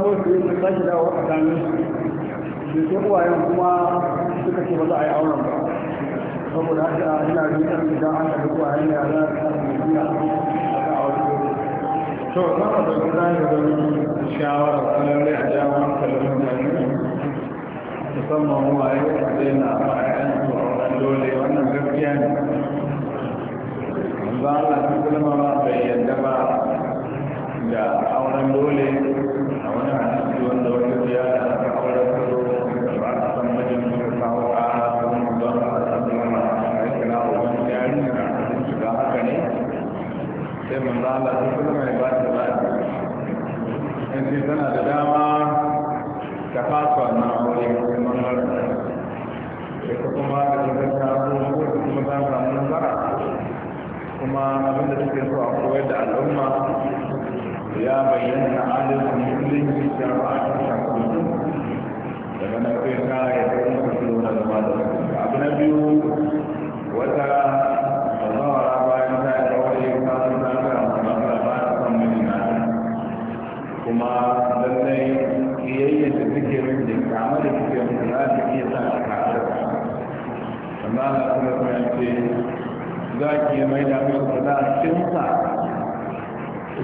ruwan su yin sake dawo a kanin su sai uwayen kuma suka ce ba za a yi auren ba saboda haka ina rikitar da an da duk wayan ya za a samu biya a kan aure to na ka dauki za ka zama shawara kalar da a jawo hankalin mutane musamman waye a daina a ƴaƴan su a wani dole wannan gaskiya ne ba a ta kulma ba yadda ba da auren dole wani hadisi wanda wata ziyara aka aure ta da ba ta san mijin da kawo ƙara sun don a sallama a kira wani yarinya na cikin shiga haka ne sai mun zala ta kuma mai ba ta ba in ce tana da dama ta fasa na aure kuma har ita kuma da ta zanta ko kuma ta samu nasara kuma abinda suke so a koyar da al'umma ya bayyana adalci musulunci shari'a ta shafi daga na kai ka ya kai musu kilo na zama da abu na biyu wata zawara bayan ta yi kawai ta sun ta ta matsala ba ta san mini na kuma lallai iyayyar da suke min da kama da suke min za ta iya sa ta kasar amma na kuma kuma ce za ki mai da mai kuɗa cinsa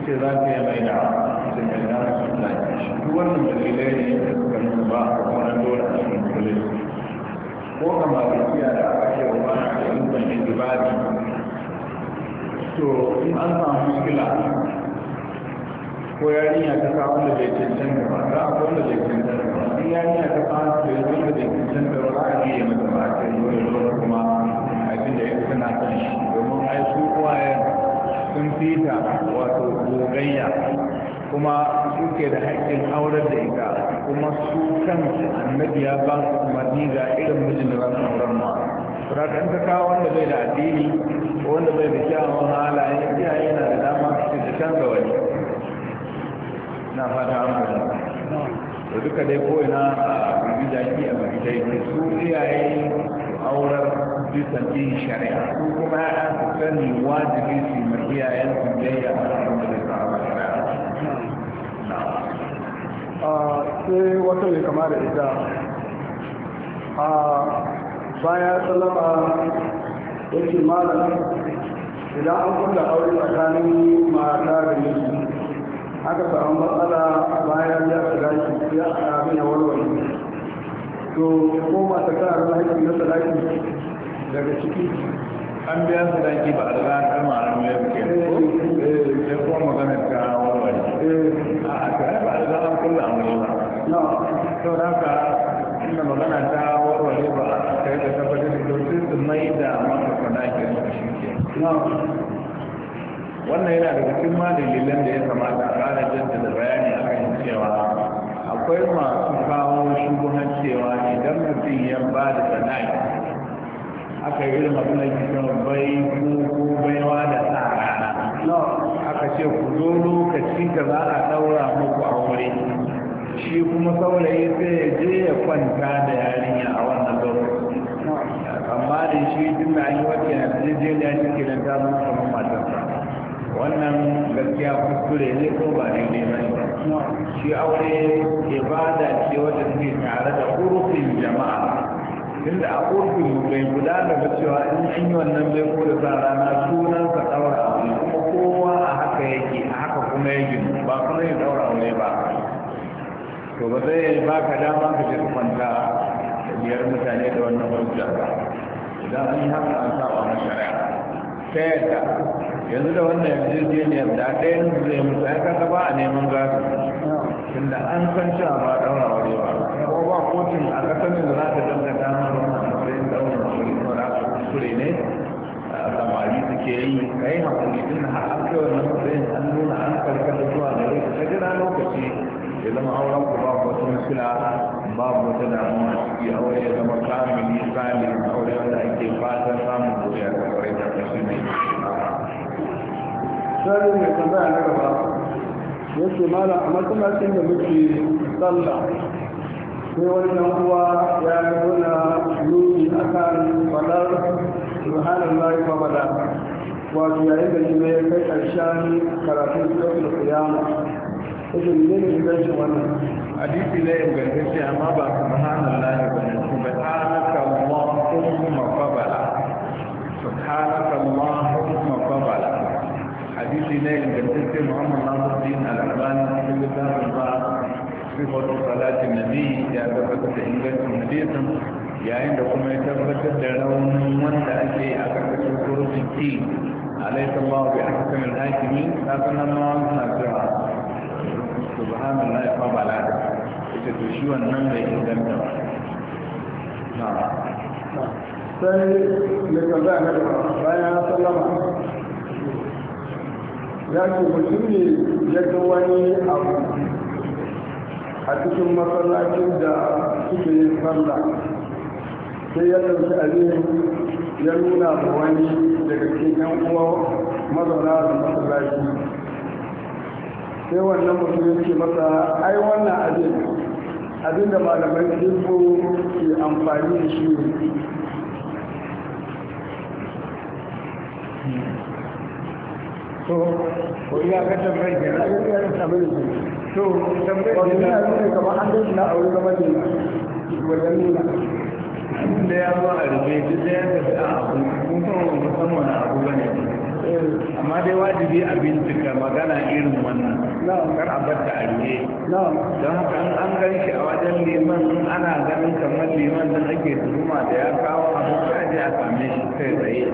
ce za ka yi mai da da kai na rashin lafiya shi wannan dalilai ne da suka nuna ba a kwanan dole a cikin ko a malikiya da aka ce wa na da yankan to in an samu muskila ko yarinya ta kawo da bai cancanta ba za a kwanda bai cancanta ba in yarinya ta kawo da ya zama bai cancanta ba za a mata ba a kai dole kuma abin da ya fi na kan shi domin ai su sun fita wato gogayya kuma suke da haƙƙin aurar da ita kuma su kan annabi ya ba su umarni ga irin mijin da za su auren ma surakan ta kawo wanda bai da addini ko wanda bai da kyawun halaye iya yana da dama su kan ga wani na fata an fata da duka dai ko ina a bibi da a bibi da su iyaye aurar fi shari'a ko kuma ya su sani wajibi su ma iyayen su biyayya a cikin da zai shari'a sai wata kama da ita a baya salama idan an kunda aure tsakanin mata da miji aka samu matsala bayan ya shi ya a abin ya to ko mata ta arzaki na daga ciki an biya su da ba a riga kama a nuna ya buke ya kuma magana ta warware eh, a a ba a an kulla a wani ba to da inda magana ta warware ba a kai da tabbatar da dokin su mai da maka ke su shi ke wannan yana daga cikin ma dalilan da ya kamata a janta da bayani a kan cewa akwai masu kawo shubuhan cewa idan mutum ya ba da sana'a aka yi irin abin da ke kan bai ko baiwa da tsara aka ce ku zo lokaci ka za a daura muku aure shi kuma saurayi sai ya je ya kwanta da yarinya a wannan lokaci amma da shi tun da an yi wata yarjejeniya shi ke nan ta zama kamar matarsa wannan gaskiya kuskure ne ko ba daidai ba ne shi aure ibada ce wata take tare da hurufin jama'a tun da a ofin bai guda da cewa in yi wannan bai ko da sa rana sunan ka daura wani. kuma kowa a haka yake a haka kuma yake ba kuma ya daura wani ba to ba zai ba ka dama ka je kwanta biyar mutane da wannan hujja idan an yi haka an saba na shari'a ta yadda yanzu da wannan ne da ɗayan zai mutu ya kasa ba a neman gado tunda an san cewa ba daura wani ba kuma ba kotun a kasar da za ta dangata mana wannan matsayin daunin hakuri ko da aka kuskure ne samari suke yi ka yi hakuri din har an kai wannan matsayin an nuna an karkata zuwa gare ka jira lokaci ya zama auren ku ba wata matsala babu wata damuwa a ciki aure ya zama kamili sami aure wanda ake fatan samun goya da kwarai da kashi ne. Sai mai tambaya na gaba yake mala a matsalacin da muke sallah sai wannan uwa ya yi nuna yuni a kan faɗar subhanallah ya faɗa wato yayin da shi ya kai ƙarshen karatun sauƙin kiyama ita ne ne ne shi wannan hadisi ne ingantacce amma ba subhanallah ya bane subhanaka allahumma fabala subhanaka allahumma fabala hadisi ne ingantacce muhammad nasiruddin al-albani cikin littafin ba صفة صلاة النبي يا ثبت إنجاز النبي yayin da kuma ya tabbatar da raunin wanda ake a ƙarƙashin surutun ki alaisa ba wa bi aka kamar hakimi ta sanar ma wani suna cewa subhanan na ifa ba lada ita to shi wannan bai inganta ba na sai ya kaza na bayan ya sallama ya ce mutum ne ya ga wani abu a cikin masallacin da suke yin sallah sai ya ɗauki abin ya nuna ma wani daga cikin uwa mazauna da masallaci sai wannan mutum ya ce masa ai wannan abin abin da malamai jirgo ke amfani da shi ne. ko iya ga tambayar da ya ga tambayar to tambayar da na na aure gaba da wajen ya zo a rufe duk da ya tafi a abu kuma musamman a abu ne Eh, amma dai wajibi a bincika magana irin wannan kar a bata a riye don haka an gan shi a wajen liman ana ganin kamar liman don ake tuhuma da ya kawo abu ka je a same shi kai tsaye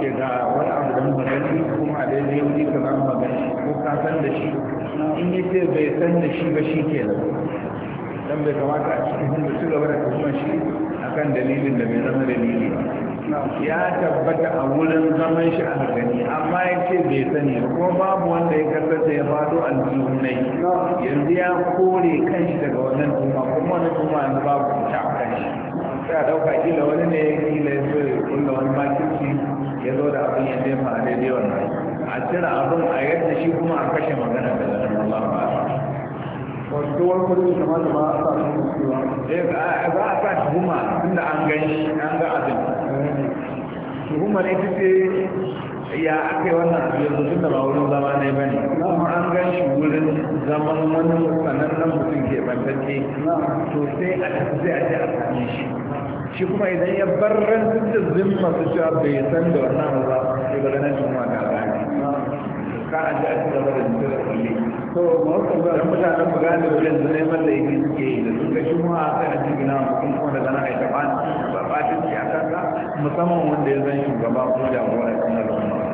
ke ga wani abu don magani kuma dai zai wuri ka zan magani ko ka san da shi in yi ce bai san da shi ba shi ke nan don bai kamata a cikin hundu su gaba da tuhumar shi akan dalilin da bai zama dalili ba ya tabbata a wurin zaman shi a gani amma ya ce bai sani ko babu wanda ya kasance ya fado aljihunai yanzu ya kore kanshi daga wannan tuma kuma wani tuma yanzu babu ta a kanshi sai a dauka kila wani ne kila ya zo ya kulla wani makirci ya zo da abin ya nema a daidai wannan a cire abin a yadda shi kuma a kashe magana da zanen Allah ba Wasu wani kudin kamar da ba a sa shi eh, ba a sa shi kuma tunda an gani an ga abin tuhumar ita ce ya aka yi wannan abu yanzu tun da ba wurin zama ne ba ne kuma an gan shi wurin zaman wani mutanen nan mutum ke bantacce to sai a tafi a ce a sami shi shi kuma idan ya barren duk da zimma su cewa bai san da wannan abu ba sai ba ganin tuhuma ga gane ka a ji a ci gaba da jikin da kulle to mawakon mutanen mu gane wajen zane mallaki suke yi da suka shi mu a kan jigina mutum kuma da gana a ita ba fatanci a musamman wanda ya zan shugaba kuma jagora cikin al'umma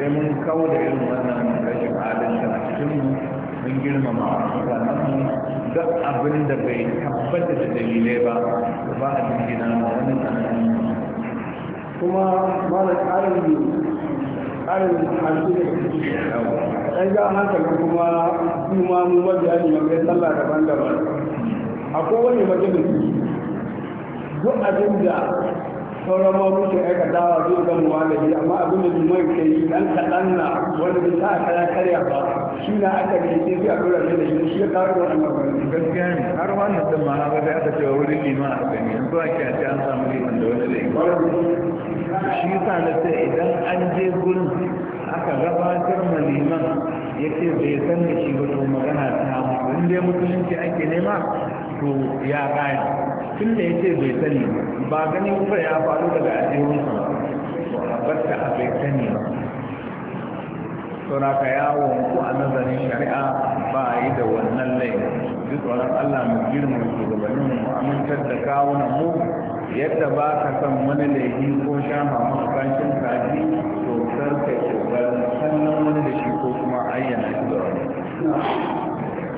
sai mun kawo da irin wannan rashin adalci a cikin mun girmama sannan mu da abin da bai tabbata da dalilai ba ba a jingina ma wani sanannu kuma mana tsarin tsarin hankali ɗan ja hankali kuma su ma mu mabiya ne mai sallah daban-daban akwai wani majalis duk abin da sauran ma muke aikatawa zai zama malami amma abin da liman ke yi dan kaɗan na wanda bai sa kaya karya ba shi na aka ne sai sai a dora ne da shi shi ya kawo wannan magana gaskiya ne har wannan din ma na ga aka cewa wurin liman a gani an zuwa ki a ce an samu liman da wani laifi shi sa na ce idan an je gurin aka gabatar ma liman ya ce bai san da shi ba magana ta mutu in dai mutunci ake nema to ya tun da ya ce bai sani ba gani kuma ya faru daga ajiyarsa to a barta a bai sani ba sauraka yawon ku a nazarin shari'a ba a yi da wannan laifin duk tsoron allah mu girma shugabannin mu amintar da kawunan mu yadda ba ka san wani laifi ko shama a bakin kaji to karka kokarin sannan wani da shi ko kuma ayyana shi da wani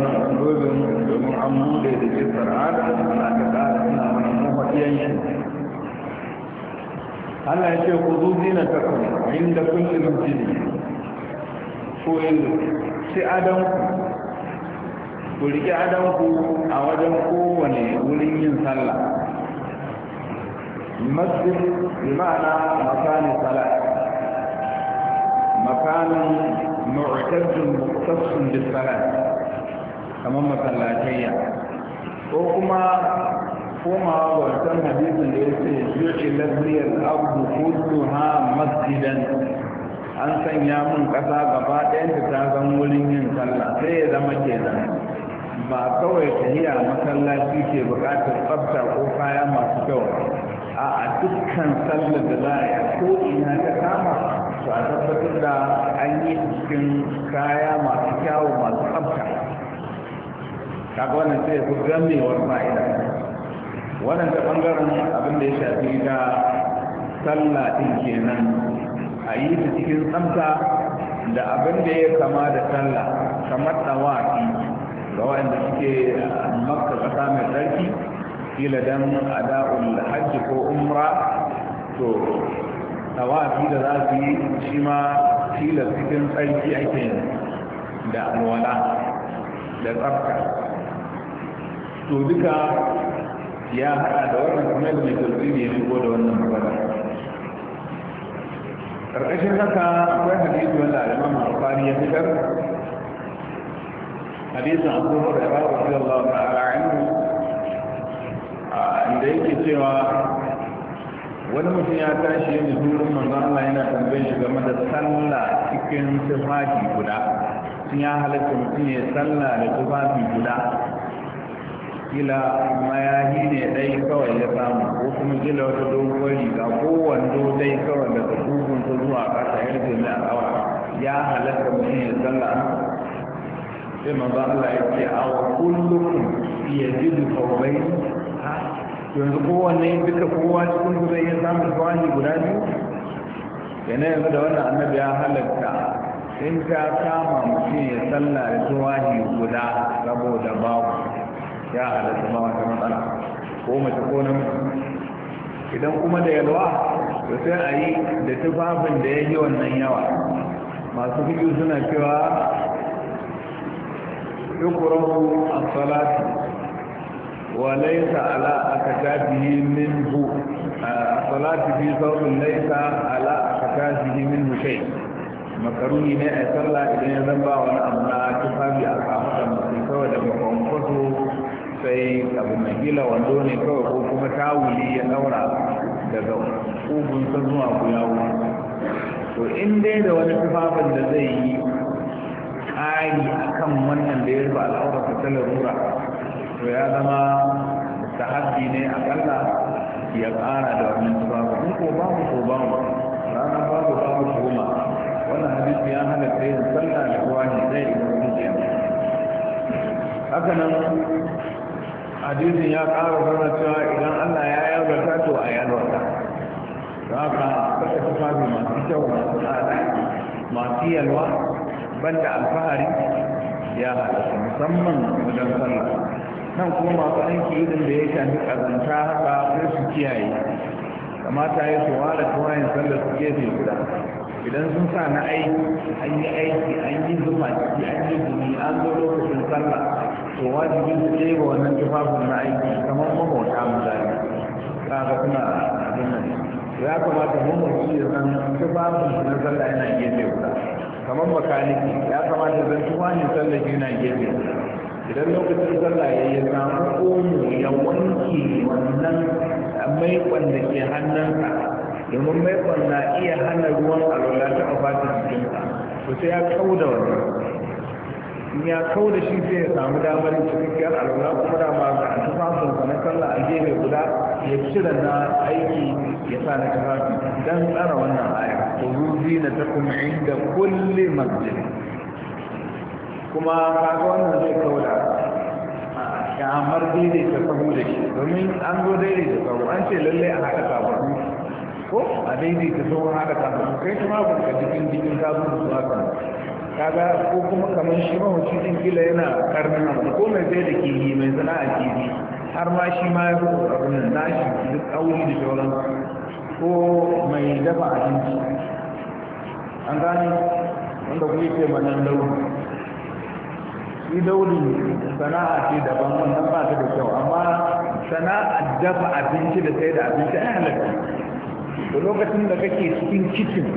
min aslobin domin an bude da kisar adam suna ta ƙara suna mana mafafiyan shi Allah ya ce ku zuzi na takwas inda kulli jini, ko yanzu ci adam ku riƙe adanku a wajen kowane wurin yin sallah masjid bi ma'ana makani salat مكان معتد مختص بالصلاة kamar masallatayya ko kuma komawa wancan hadisin da ya ce yuci lafiyar abu kudu ha masjidan an sanya mun kasa gaba ɗayan da ta zan wurin yin sallah sai ya zama kenan ba kawai tahiya masallaci ke buƙatar tsafta ko kaya masu kyau a a dukkan sallar da za a yi ko ina ta kama to a tabbatar da an yi cikin kaya masu kyau masu tsafta kaga wannan sai ya fi gamewar fa'ida wannan ɓangaren bangaren abin ya shafi ga sallah din kenan a yi ta cikin tsamta da abin ya kama da tsalla kamar tawaki ga waɗanda suke makka ƙasa mai tsarki kila dan ada'ul hajji ko umra to tawafi da za su yi shi ma fila cikin tsarki ake da alwala da tsarka to duka ya haɗa da wannan kamar mai tafsiri ya ko da wannan magana ƙarƙashin haka akwai hadisi wanda al'imam al-bukhari ya fitar hadisin abu hurairah radiyallahu ta'ala anhu inda yake cewa wani mutum ya tashi yin zurin manzo Allah yana tambayin shi game da sallah cikin tufafi guda sun ya halatta mutum ya sallah da tufafi guda kila mayahi ne dai kawai ya samu ko kuma gila wata dogon riga ko wando dai kawai daga kugun ta zuwa ƙasa ya rufe mai alawa ya halatta mutum ya sallah sai manzo Allah ya ce a wa kullukum yajidu qawbayn ha yanzu kowanne duka kowa cikin ku zai samu tsawani guda biyu yana yanzu da wannan annabi ya halatta in ta kama mutum ya sallah da tsawani guda saboda babu ya halatta ma wata matsala ko mace ko namiji idan kuma da yalwa to sai a yi da tufafin da ya yi wannan yawa masu fiƙi suna cewa yukurahu as-salatu wa laysa ala akatabihi minhu as-salatu fi sawtin laysa ala akatabihi minhu shay makaruni ne a sallah idan ya zamba wani abu na tufafi a kafaɗan mutum makon kwaso sai abu mai gila wando ne kawai ko kuma tawuli ya daura daga ugun sa zuwa kuyawu to in dai da wani tufafin da zai yi ƙari akan wannan da ya rufe al'aura ta larura to ya zama sahabi ne akalla ya ƙara da wannan tufafin in ko babu ko babu ranar babu babu tuhuma wannan hadisi ya halatta yin sallah da kowa ne zai yi mutum haka nan hadisin ya ƙara zama cewa idan allah ya yalwata to a yalwata Za ka kasa tufafi masu kyau masu tsada masu yalwa banda alfahari ya halatta musamman wajen sallah nan kuma masu aiki irin da ya shafi kazanta haka sai su kiyaye kamata ya su wara tuwayen sallah su gefe guda idan sun sa na aiki an yi aiki an yi zufa ciki an yi gumi an zo lokacin sallah to wajibi su ce ba wannan tufafin na aiki kamar mamota misali ga suna abin nan ya kamata mamauta ya san tufafin na sallah yana gefe guda kamar makaniki ya kamata zan tufafin sallah yana gefe idan lokacin sallah ya yi samu omo ya wanke wannan maikon da ke hannunsa domin maikon na iya hana ruwan alwala ta a fata jikinsa to sai ya kauda wannan in ya kau shi sai ya samu damar cikakkiyar alwala kuma da ma ga tufafin sa na kalla a gefe guda ya cire na aiki ya sa na tufafi don tsara wannan aya to ruzi na ta kuma inda kulle masjid kuma kaga wannan zai kau da kyamar daidaita sahu da shi domin an zo daidaita sahu an ce lallai a haɗa sababbi ko a daidaita sahu haɗa kafin kai kuma ba ka cikin jikin kafin su haka kaga ko kuma kamar shi wacce din kila yana karnin abu ko mai zai da kihi mai zana a kihi har ma shi ma ya rubu abin nan nashi duk auri da shauran ko mai dafa abinci an gani wanda kuma yake manan lau. shi dauri sana'a ce daban wannan ba ta da kyau amma sana'a dafa abinci da sai da abinci a halatta da lokacin da kake cikin kicin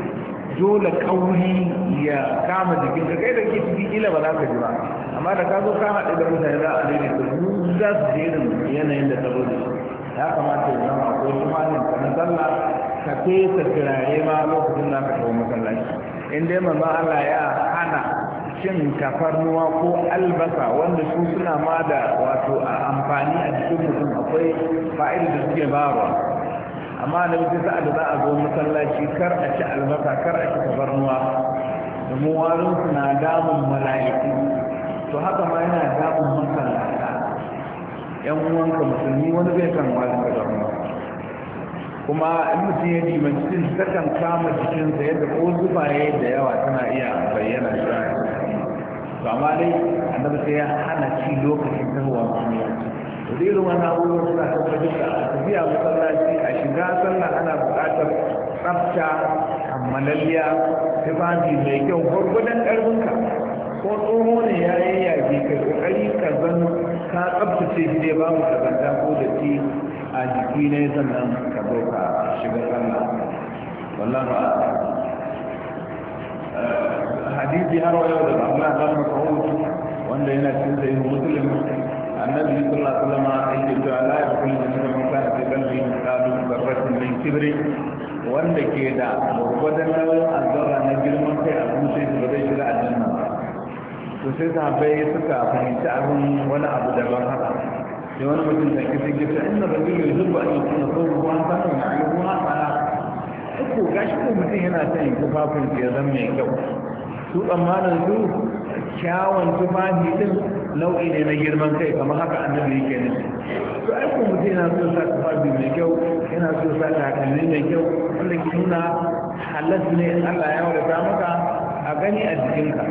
dole kauri ya kama jikin ka kai da ke cikin ila ba za ka ji ba amma da ka zo ka haɗe da mutane za a daidai ka su za su je irin yanayin da ta da ya kamata ya zama ko shi malin ka na sallah ka fesa turare ma lokacin za ka kawo masallaci in dai mamman Allah ya hana cin kafarnuwa ko albasa wanda su suna ma da wato amfani a jikin mutum akwai fa'ida da suke bawa amma na wuce da za a zo masallaci kar a ci albasa kar a ci tabarnuwa domin warinsu na damun mala'iku to haka ma yana damun masallata yan uwanka musulmi wani zai kan warin tabarnuwa kuma in mutum ya dimanci jin takan kama jikinsa yadda ko zufa ya da yawa tana iya bayyana shi to amma dai annabi sai ya hana ci lokacin tahowa kuma da wani abubuwan suna tabbatar da a tafiya masallaci a shiga sallah ana bukatar tsafta kammalalliya tufafi mai kyau gwargwadon ƙarfinka ko tsoho ne ya yi yaƙi ka ƙoƙari ka zan ka tsaftace shi dai babu kazanta ko da ci a jiki ne sannan ka zo ka shiga sallah wallahu ba. Eh, hadisi har wa yau da Allah ban mas'ud wanda yana cikin sahihu muslim النبي صلى الله عليه وسلم قال إن الدعاء يقول من كان في قلبه مثقال ذرة من كبر وأن كيدا مرفدا له الذرة نجل من في أبوسي فبيش لا أجل من وسيدا بي سكا فهمت أبو ولا أبو دبر هذا يوانا مجل تكسي جبت إن الرجل يجب أن يكون صوره وأن تكون يعيبها على أكو كاشكو مثل هنا سيد كفاف في ذمي كو سوء أمان الزوء كاوان كفاف في ذمي nau'i ne na girman kai kamar haka annabi yake ne to ai ko mutum yana so sa tufafi mai kyau yana so sa takalmi mai kyau wanda ke nuna halas ne Allah ya wadata maka a gani a jikinka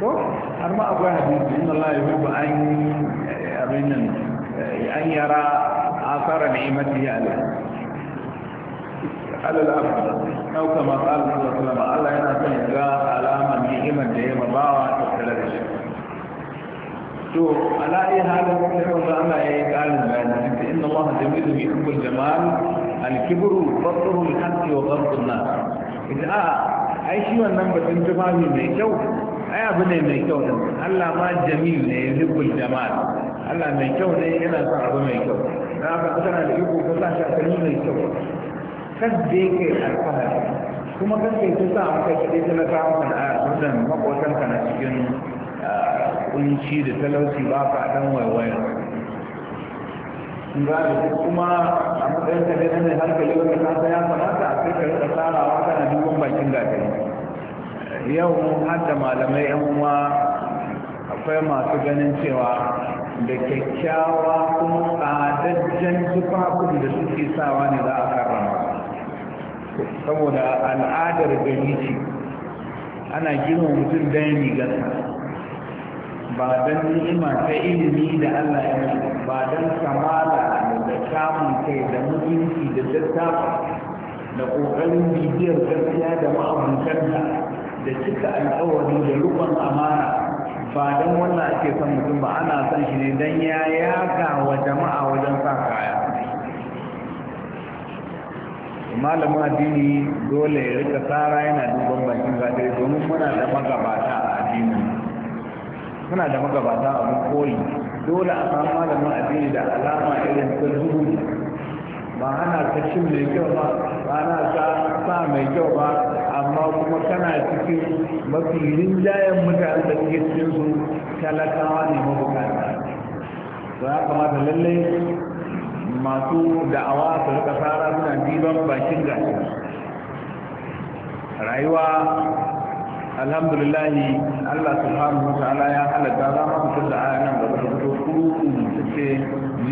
ko har ma akwai hadisi inna Allah ya yuhibbu an abin nan an yara asara ni'matihi alayhi alal abd aw kama qala sallallahu alaihi wasallam Allah yana son ya ga alaman ni'imar da ya mabawa tattare da shi شو ألا هذا هذا المحلح اي قال إن الله جميل يحب الجمال الكبر فضره الحق وغرض الناس إذا آه أي شيء ونمبة انتفاهي ميشو أي أبني ميشو ألا ما جميل يحب الجمال ألا ميشو إلا صعب ميشو لا بقتنا لحبه فالله شاكله ميشو كذيك الفهر كما كنت تسعى كذيك نتعرف الآن مثلا مقوة كنت نتعرف kunci da talauci ba ka dan waiwaya in gane ko kuma a matsayin ka dai har ka yi kasa ya kamata a kai ka rika tsarawa kana duban bakin gatari yau mun hada malamai yan uwa akwai masu ganin cewa da kyakkyawa kuma tsadajjen tufafin da suke sawa ne za a karrama saboda al'adar gari ce ana gina mutum don rigarsa ba don ni'ima ta ilimi da Allah ya yi ba don kamala da kamun kai da mutunci da dattafa da ƙoƙarin bibiyar gaskiya da ma'abutanta da cika alƙawari da rukun amana ba don wannan ake son mutum ba ana son shi ne don ya yaga wa jama'a wajen sa kaya malamin addini dole ya rika tsara yana duban bakin gadai domin muna da magabata a addini suna da magabata a koyi dole a samu malamin addini da alama irin ta zuhu ba hana ta cin mai kyau ba ba hana ta sa mai kyau ba amma kuma kana cikin mafi rinjayen mutane da suke cikin su talakawa ne mabukata to ya kamata lallai masu da'awa su rika sara suna diban bakin gashi rayuwa alhamdulillah Allah subhanahu wa ta'ala ya halatta za mu fitar da aya nan gaba da fito kuku tace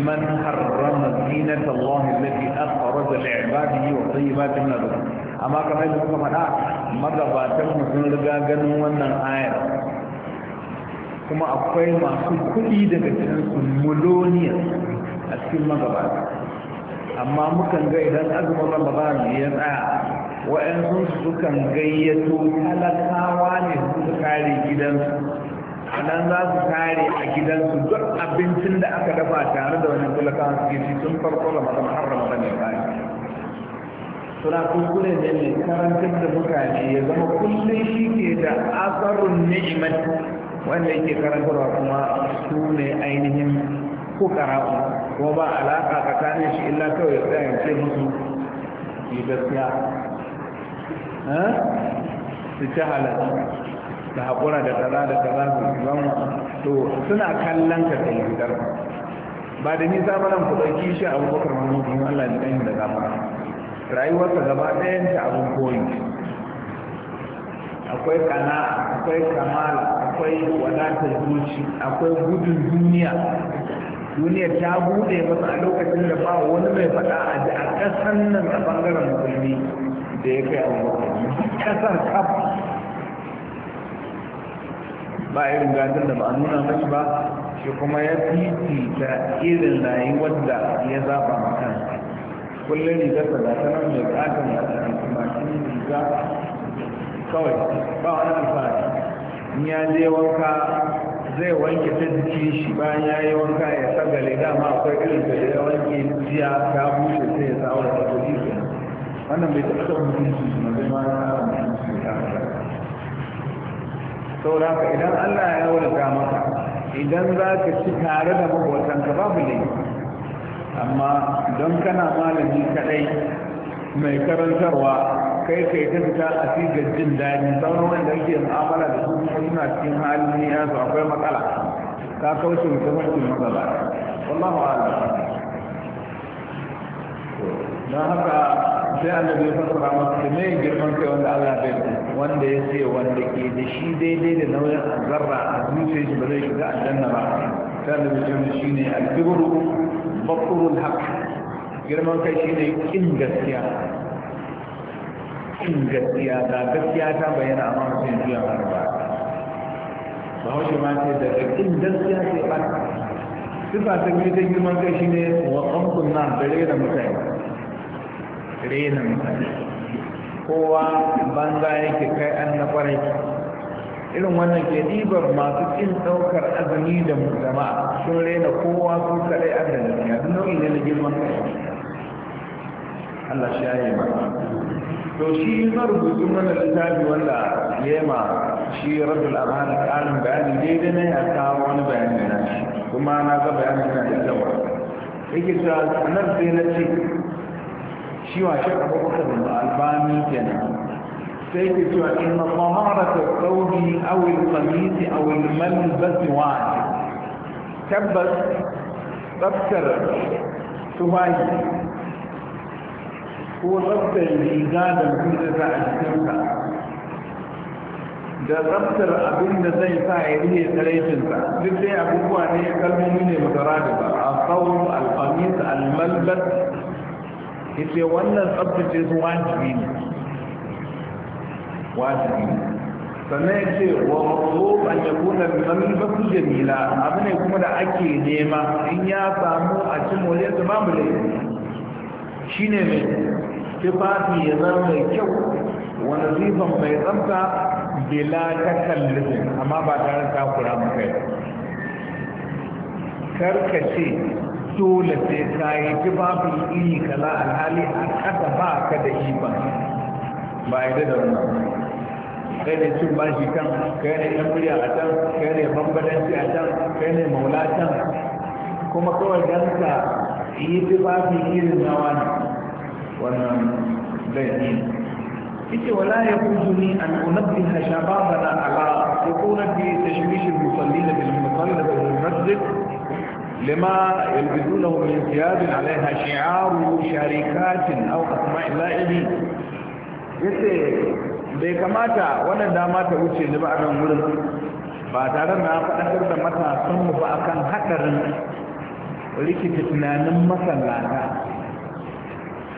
man harrama zinata Allah allati akhraja li ibadihi wa tayyibati min rizq amma kamar yadda muka faɗa magabatan mu sun riga ganin wannan ayar kuma akwai masu kuɗi daga cikin su muloniya a cikin magabata amma mukan ga idan azumin ramadan ya tsaya wa'yansu sukan gayyato talakawa ne su kare gidansu a nan za su kare a gidansu duk abincin da aka dafa tare da wani talakawa suke ci sun farko da masu haramta mai kare suna kuskure ne mai karantar da mutane ya zama kullum shi ke da asarun ni'imat wanda yake karantarwa kuma su ne ainihin fukara'u kuma ba alaƙa tsakanin shi illa kawai ya tsaya ce musu gaskiya su ci halarci da haƙura da kaza da tsara su zan to suna kallon ka da yankar ba da nisa ba nan kuɗa kishi a abubakar mahmudu in allah da ɗayin da gaba rayuwarsa gaba ɗayan ta abin koyi akwai kana akwai kamala akwai wadatar zuci akwai gudun duniya duniyar ta bude masa a lokacin da ba wani mai faɗa a ƙasan nan a ɓangaren musulmi da ya kai ya kasar kaf ba irin gadon da ba a nuna mai ba shi kuma ya ta irin yi wadda ya zaba makan kullum da ta nan mai katon da ta riga kawai ba wani alfahari in ya je wanka zai wanke ta jiki shi bayan ya yi wanka ya tsagale dama akwai irin da ya wanke jiya ta bushe sai ya da wani wannan bai taɓa taɓa mutunci na zama ta haka idan allah ya wadata maka idan za ka ci tare da ka babu ne amma don kana malami kaɗai mai karantarwa kai kai ta fita a cikin jin daɗi sauran wanda ake mu'amala da su suna cikin halin ya zo akwai matsala ka kauce mutum matsala wallahu a'lam don haka sai annabi ya fassara masa me girman kai wanda Allah bai da wanda ya ce wanda ke da shi daidai da nauyin zarra a zuciyar shi ba zai shiga aljanna ba sai annabi ya ce shine al-kibru batrul haqq girman kai shine kin gaskiya kin gaskiya ga gaskiya ta bayyana amma mutum juya ba ba bahaushe ma ce daga kin gaskiya sai ba sifa ta biyu ta girman kai shine wa qamtun na bare da mutane renin kowa banza yake kai an na kwarai irin wannan ke ɗibar masu ƙin ɗaukar azumi da jama'a sun rena kowa su kaɗai an da lafiya duk nau'i ne na girman kai Allah shi yayi ba to shi marubutu mana littafi wanda ya ma shi rabbul arham ƙarin bayani daidai ne a kawo wani bayani na shi kuma na ga bayanin na da yawa yake cewa sanar sai na ce shi wa shi abubakar albani kenan sai ke cewa inna taharata sauri aw al-qamis aw al-malbas wahid tabbas tsaftar tufafi ko tsaftar riga da mutum da a jikinsa da tsaftar abin da zai sa ya rihe tsaraicinsa duk dai abubuwa ne kalmomi ne makara da ba a tsawon alfamis almalbat yace wannan tsabtace su wajibi ne wajibi sannan ya ce wa mazo an ya kuna limamin basu jamila abu ne kuma da ake nema in ya samu a cin moriyar su babu laifi shi ne mai tufafi ya zama mai kyau wani zifan mai tsamta bila ta kallifin amma ba tare ta kura mu kai karkace dole sai ka yi tufafin iri kala alhali a kada ba ka da yi ba ba yi da wannan kai ne cin bashi kan kai ne yan murya a can kai ne bambadanci a can kai ne maula can kuma kawai don ka yi tufafin irin na wani wannan laifi ita wala ya kuzu ni an unabbi ha shababana ala ukunati tashwish al-musallina bil musallina bil masjid لما يلبسونه من ثياب عليها شعار شركات أو أسماء لائمين yace bai kamata wannan dama ta wuce ni ba a nan wurin ba tare na faɗakar da matasanmu ba akan haɗarin rikita tunanin masallata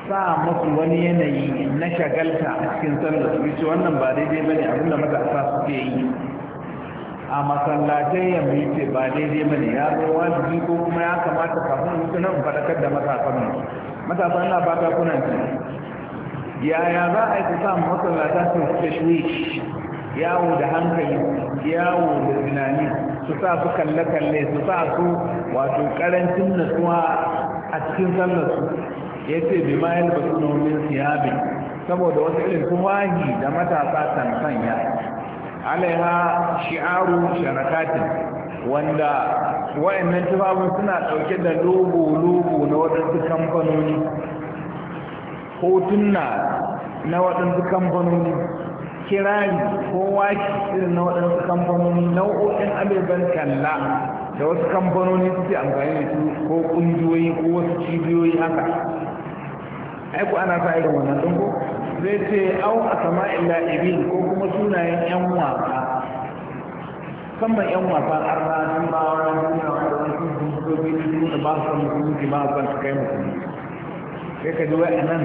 sa masu wani yanayi na shagalta a cikin sallar su wannan ba daidai ne, abinda matasa suke yi a masallatai ya mu ce ba daidai mane ya zo wajibi ko kuma ya kamata kafin mutu nan da matasan mu matasan na ba ta yaya za a yi ku sa masallata su tashwish yawo da hankali yawo da tunani su sa su kalle-kalle su sa su wato karancin nutsuwa a cikin sallar su. ya ce bi ma yalba nomin siyabi saboda wasu irin tuwahi da matasa kan sanya alaiha shi'aru sharakatin wanda wa'annan tufafin suna ɗauke da logo-logo na waɗansu kamfanoni hotunna na waɗansu kamfanoni kirari ko waki irin na waɗansu kamfanoni nau'o'in abubuwan kalla da wasu kamfanoni suke amfani da su ko ƙungiyoyi ko wasu cibiyoyi haka aiku ana sa irin wannan ɗin zai ce au a sama illa'ibin ko kuma sunayen yan wasa musamman yan wasa an ranar ba wani duniya wanda wani sun hujjobi da suna ba su san musulunci ba su kai kai musulunci sai ka ji wai a nan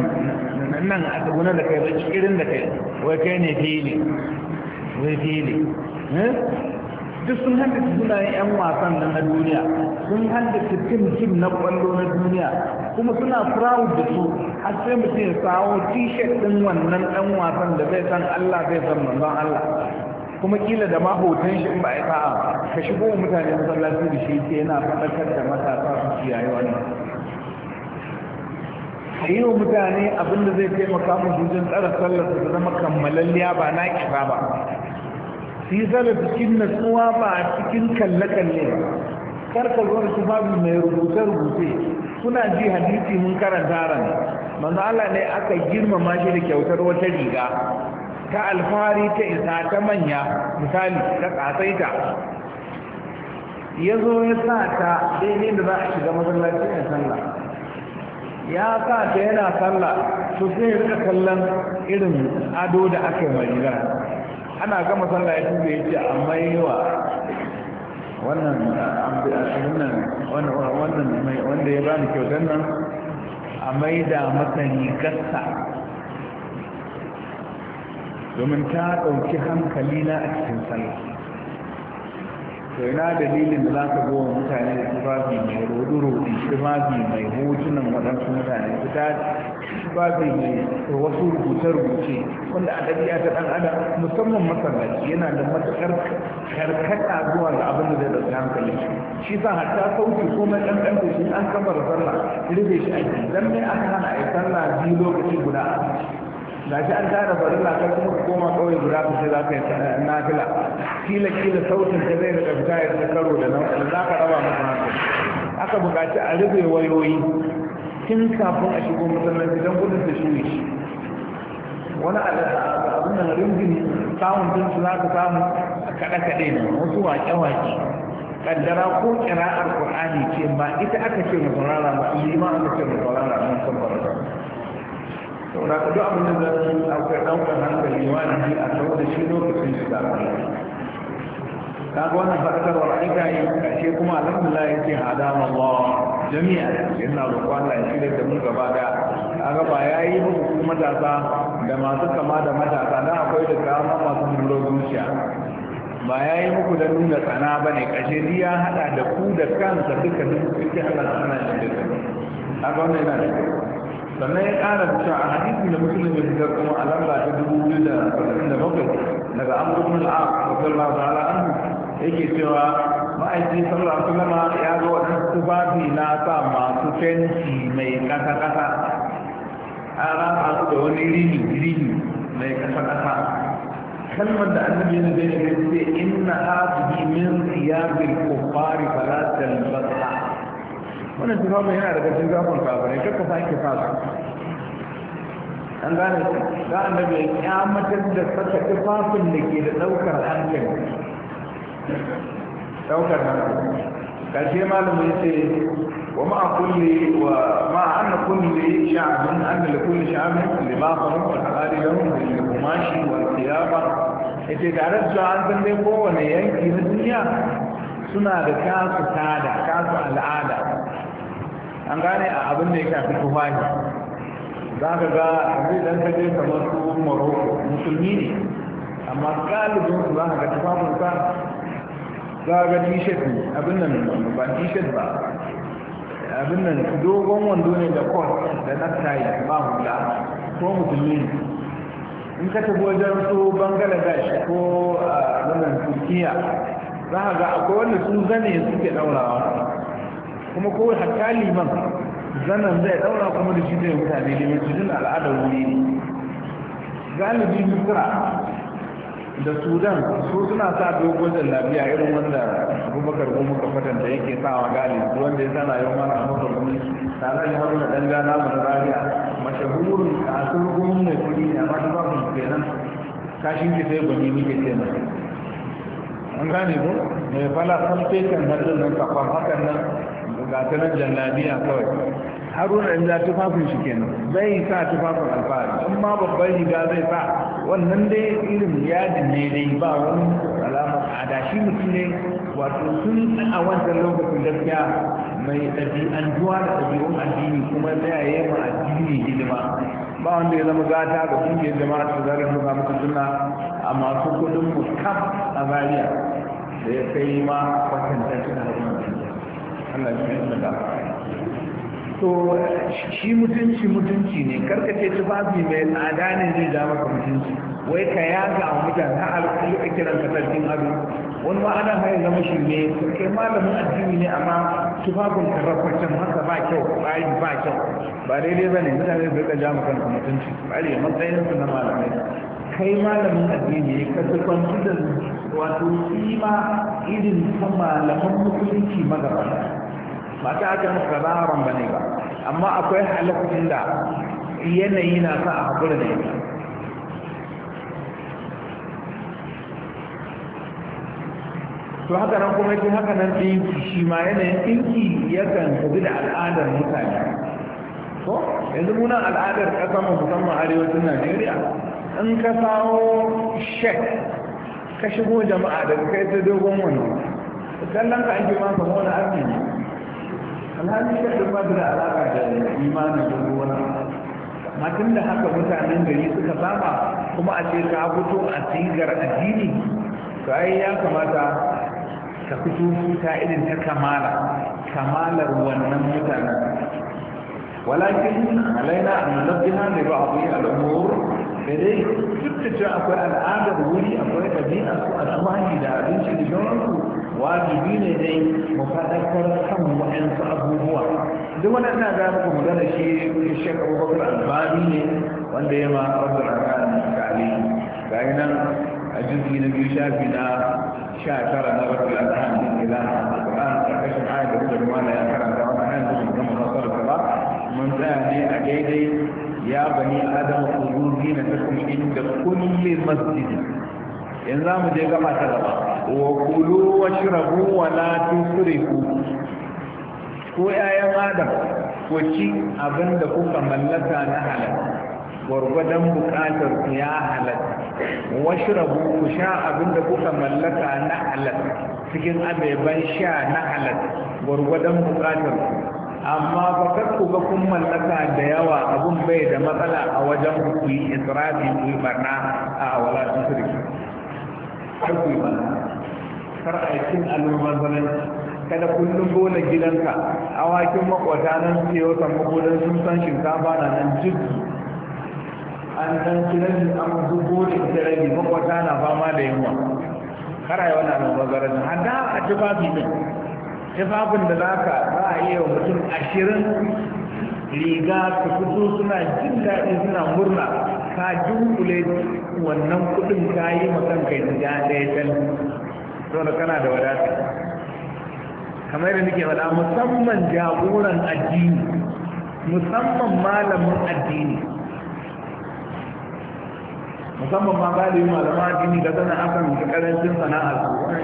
nan a tsaguna da kai bai cikirin da kai wai kai ne fili wai fili eh? duk sun hanta sunayen yan wasan na duniya sun haddace cikin tim na kwallo na duniya kuma suna proud da su har sai mutum ya sawo t-shirt ɗin wannan ɗan wasan da zai san Allah zai san manzon Allah kuma kila da ma hoton shi ba ya sa'a ka shigo wa mutane masallaci da shi ke yana faɗakar da matasa su kiyaye wannan a yi wa mutane abin da zai taimaka musu wajen tsara sallar su zama kammalalliya ba na kira ba su yi sallar cikin natsuwa ba cikin kalle-kalle karka zo da tufafi mai rubuce-rubuce suna ji hadisi mun karanta ran manzo Allah ne aka girmama shi da kyautar wata riga ta alfahari ta isa ta manya misali ta katsaita ya zo ya sa ta daidai da za a shiga masallacin ya sallah ya sa ta yana sallah to sai ya rika kallon irin ado da aka yi marigar ana gama sallah ya tuba ya ce amma yi wa wannan wannan wanda ya bani kyautar nan a maida masa rigarsa domin ta ɗauki hankali na a cikin sallah to ina dalilin da za ka zo wa mutane da tufafi mai rodu-rodu tufafi mai hotunan waɗansu mutane tufafi mai wasu rubuce-rubuce wanda a ɗabi'a ta ɗan adam musamman masallaci yana da matuƙar karkata zuwa ga abin da zai ɗauki hankali shi sa hatta sauki ko mai ɗan ɗan shi an kamar sallah rufe shi aiki dan mai aka hana a yi sallah biyu lokaci guda a ga shi an tara farilla kai kuma ka koma kawai guda ka sai za ka yi nafila kila kila sautin ka zai rika fita ya ta karo da nan za ka raba masa haka aka buƙaci a rufe wayoyi tun kafin a shigo masallaci don gudun da shi shi wani abin nan ringin samun tun su za ka samu kaɗe-kaɗe ne wasu waƙe-waƙe kaddara ko kira'ar qur'ani ce ba ita aka ce mu saurara ba yi ma aka ce mu saurara mun san ba saboda ku duk abin da za su yi akwai ɗaukar hankali wani ne a tsawo da shi lokacin shi da kai ka ga wannan faɗakarwar aika yi ƙarshe kuma alhamdulillah ya ce hada Allah jami'a yana roƙon Allah ya shirya da mu gaba da kaga ba yi muku matasa da masu kama da matasa da akwai da kama masu duro zuciya ba ya yi muku da nuna tsana ba ne ƙashe ya haɗa da ku da kansa duka duk cikin Allah tsana da duka a gwamnati na da sannan ya ƙara da cewa a hadisi da musulun ya fitar kuma a lamba ta dubu biyu da saba'in da bakwai daga amurkun al'af sallallahu ta'ala an yake cewa ma'aikin sallallahu alaihi wasallam ya ga waɗansu tufafi na sa masu fenti mai ƙasa a rasa su da wani rini rini mai ƙasa-ƙasa kalmar da annabi yana da ya ce inna hadhihi min siyabil kuffari fala talbasa wannan tufafi yana daga cikin zafin kafirai kakka sake fasa an gane su za a nabi ya kyamatar da saka tufafin da ke da ɗaukar hankali ɗaukar hankali ƙarshe malamin ce wa ma'a kulli wa ma'a anna kulli sha'abin anna li kulli sha'abin limafahu wa ta'ariyahu da kumashi wa siyaba yace tare da an san dai kowane yanki na duniya suna da kasu tada kasu al'ada an gane a abin da ya shafi tufahi za ka ga abin da ka je kamar su morocco musulmi ne amma galibin su za ka ga sa za ka ga t-shirt ne abin nan ba t-shirt ba abin nan dogon wando ne da kwas da naktayi ba hula ko musulmi ne in ka tafi wajen su bangladesh ko ah, abin nan turkiya za ka ga akwai wanda su zane suke daurawa kuma kowai hatta liman zanen zai daura kuma da shi zai mutane liman cikin al'adar wuri ne galibi misra da sudan su suna sa dogon jallabiya irin wanda abubakar ko muka kwatanta yake sawa galibi wanda ya sana yau mara amurka kuma tare da haruna dan gana mana rariya mashahurin kasar gumin mai kuɗi ne amma ta ba su kenan kashin ki sai gwani nike ce mai an gane ko mai eh, fala san fekan hannun nan kafan hakan nan ga ta nan jallabiya kawai haruna in za tufafin shi kenan zai sa tufafin alfahari in ma babban riga zai sa wannan dai irin yadin ne dai ba wani alama a shi mutum ne wato sun a wancan lokacin gaskiya mai ɗabi'antuwa da ɗabi'un addini kuma ya yi addini hidima ba wanda ya zama gata ga kungiyar zama su zarar muka muka suna a masu kudin mu kaf a zariya da ya kai ma kwatanta shi da Allah shi ne da to shi mutunci mutunci ne karkace tufafi mai tsada ne zai ja maka mutunci wai ka yaga wa mutan ta alƙali a kiran ka sarkin ado wani ma ana mai zama shi ne kai malamin addini ne amma tufafin karrafacin haka ba kyau bayan ba kyau ba daidai ba ne mutane zai ka ja maka mutunci tsari matsayin su na malamai kai malamin addini ka kwanci da wato kima irin ta malaman mutunci magabata ba ta aka musu ba ne ba amma akwai halittun da yanayi na sa a haƙura da ita to haka nan kuma yake haka nan ɗinki shi ma yanayin ɗinki yakan tafi da al'adar mutane ko yanzu munan al'adar ƙasar musamman arewacin najeriya in ka samo shek ka shigo jama'a daga kai ta dogon wani kallon ka ake ma wani arziki alhali shaɗin ba da alaƙa da imanin da ruwa matan da haka mutanen gari suka saba kuma a ce ka fito a sigar addini to ai ya kamata ka fito futa irin ta kamala kamalar wannan mutanen walakin alaina a nabbiha ne ba abu yi al'umur da dai duk da cewa akwai al'adar wuri akwai ɗabi'a su al'amari da abinci da sauransu wajibi ne dai mu faɗakar kan waɗansu abubuwa duk wannan na ga muku magana shi shek abubakar albani ne wanda ya ma rabbul arkan kali ga nan a jirgi na biyu shafi na sha tara na rabbul arkan ila alquran karkashin ayat da kuma mana ya karanta wannan ayat da kuma masar ba mun tsaya ne a daidai ya bani adam qulu dinakum inda kulli masjidin In za mu je gaba ta gaba wa kulu wa shirabu wa la tusrifu ko ƴaƴan adam ko ci abin kuka mallaka na halal gwargwadon buƙatar ku ya halal wa shirabu ku sha abinda kuka mallaka na halal cikin abeban sha na halal gwargwadon buƙatar ku amma ba kar ku ga kun mallaka da yawa abun bai da matsala a wajen ku yi israfi ku yi barna a awala tusrifu kar yi ba kar a yakin al'umman kada kullum gona gidanka wakin makwata nan sai wata makodan sun san shinkafa na nan jirgi an san kirabi an zubo da ita rabi makwata na fama da yunwa kara yi wannan al'umman zananci hada a tufafi ne tufafin da za ka za a iya mutum ashirin riga su fito suna jin daɗi suna murna ka dunkule wannan kudin ka yi makon kai guda ɗaya can zaune kana da wadata kamar yadda nake faɗa musamman jagoran addini musamman malamin addini musamman ma yi malaman addini da tana akan karancin sana'a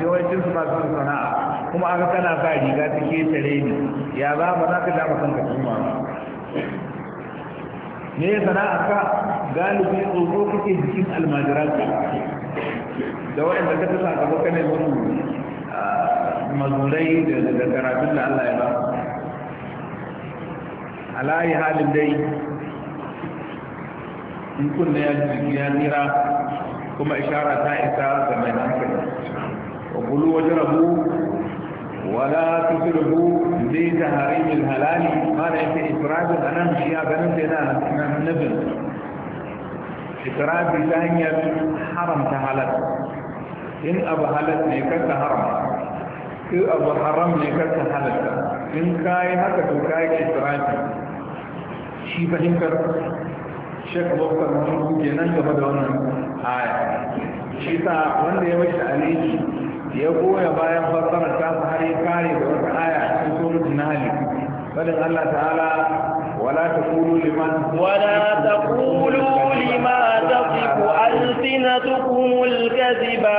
yawancin su ba su sana'a kuma aka kana sa riga ta tare ne ya za ba za ka kan kacin ma me ya sana'a ka galibi tsoro kake jikin almajiranka da waɗanda ka tasa gaba ne wasu mazurai da karatun da Allah ya ba alayi halin dai in kunna ya jiki ya nira kuma ishara ta isa ga mai hankali wa kulu wajen rabu wala tusrifu bi tahrim al-halal ma da yake ifrad anan shi ya ganin da yana nan nabin ta hanyar haramta halal in abu halal ne kanta haramta in abu haram ne kanta halalta in kayi haka to kayi ifrad shi fahimtar gaba shi wanda ya wuce ya goya bayan fassarar ta su har ya kare da wata aya a cikin suratul nahl fadin Allah ta'ala wala taqulu liman wala taqulu lima taqulu alsinatukum alkaziba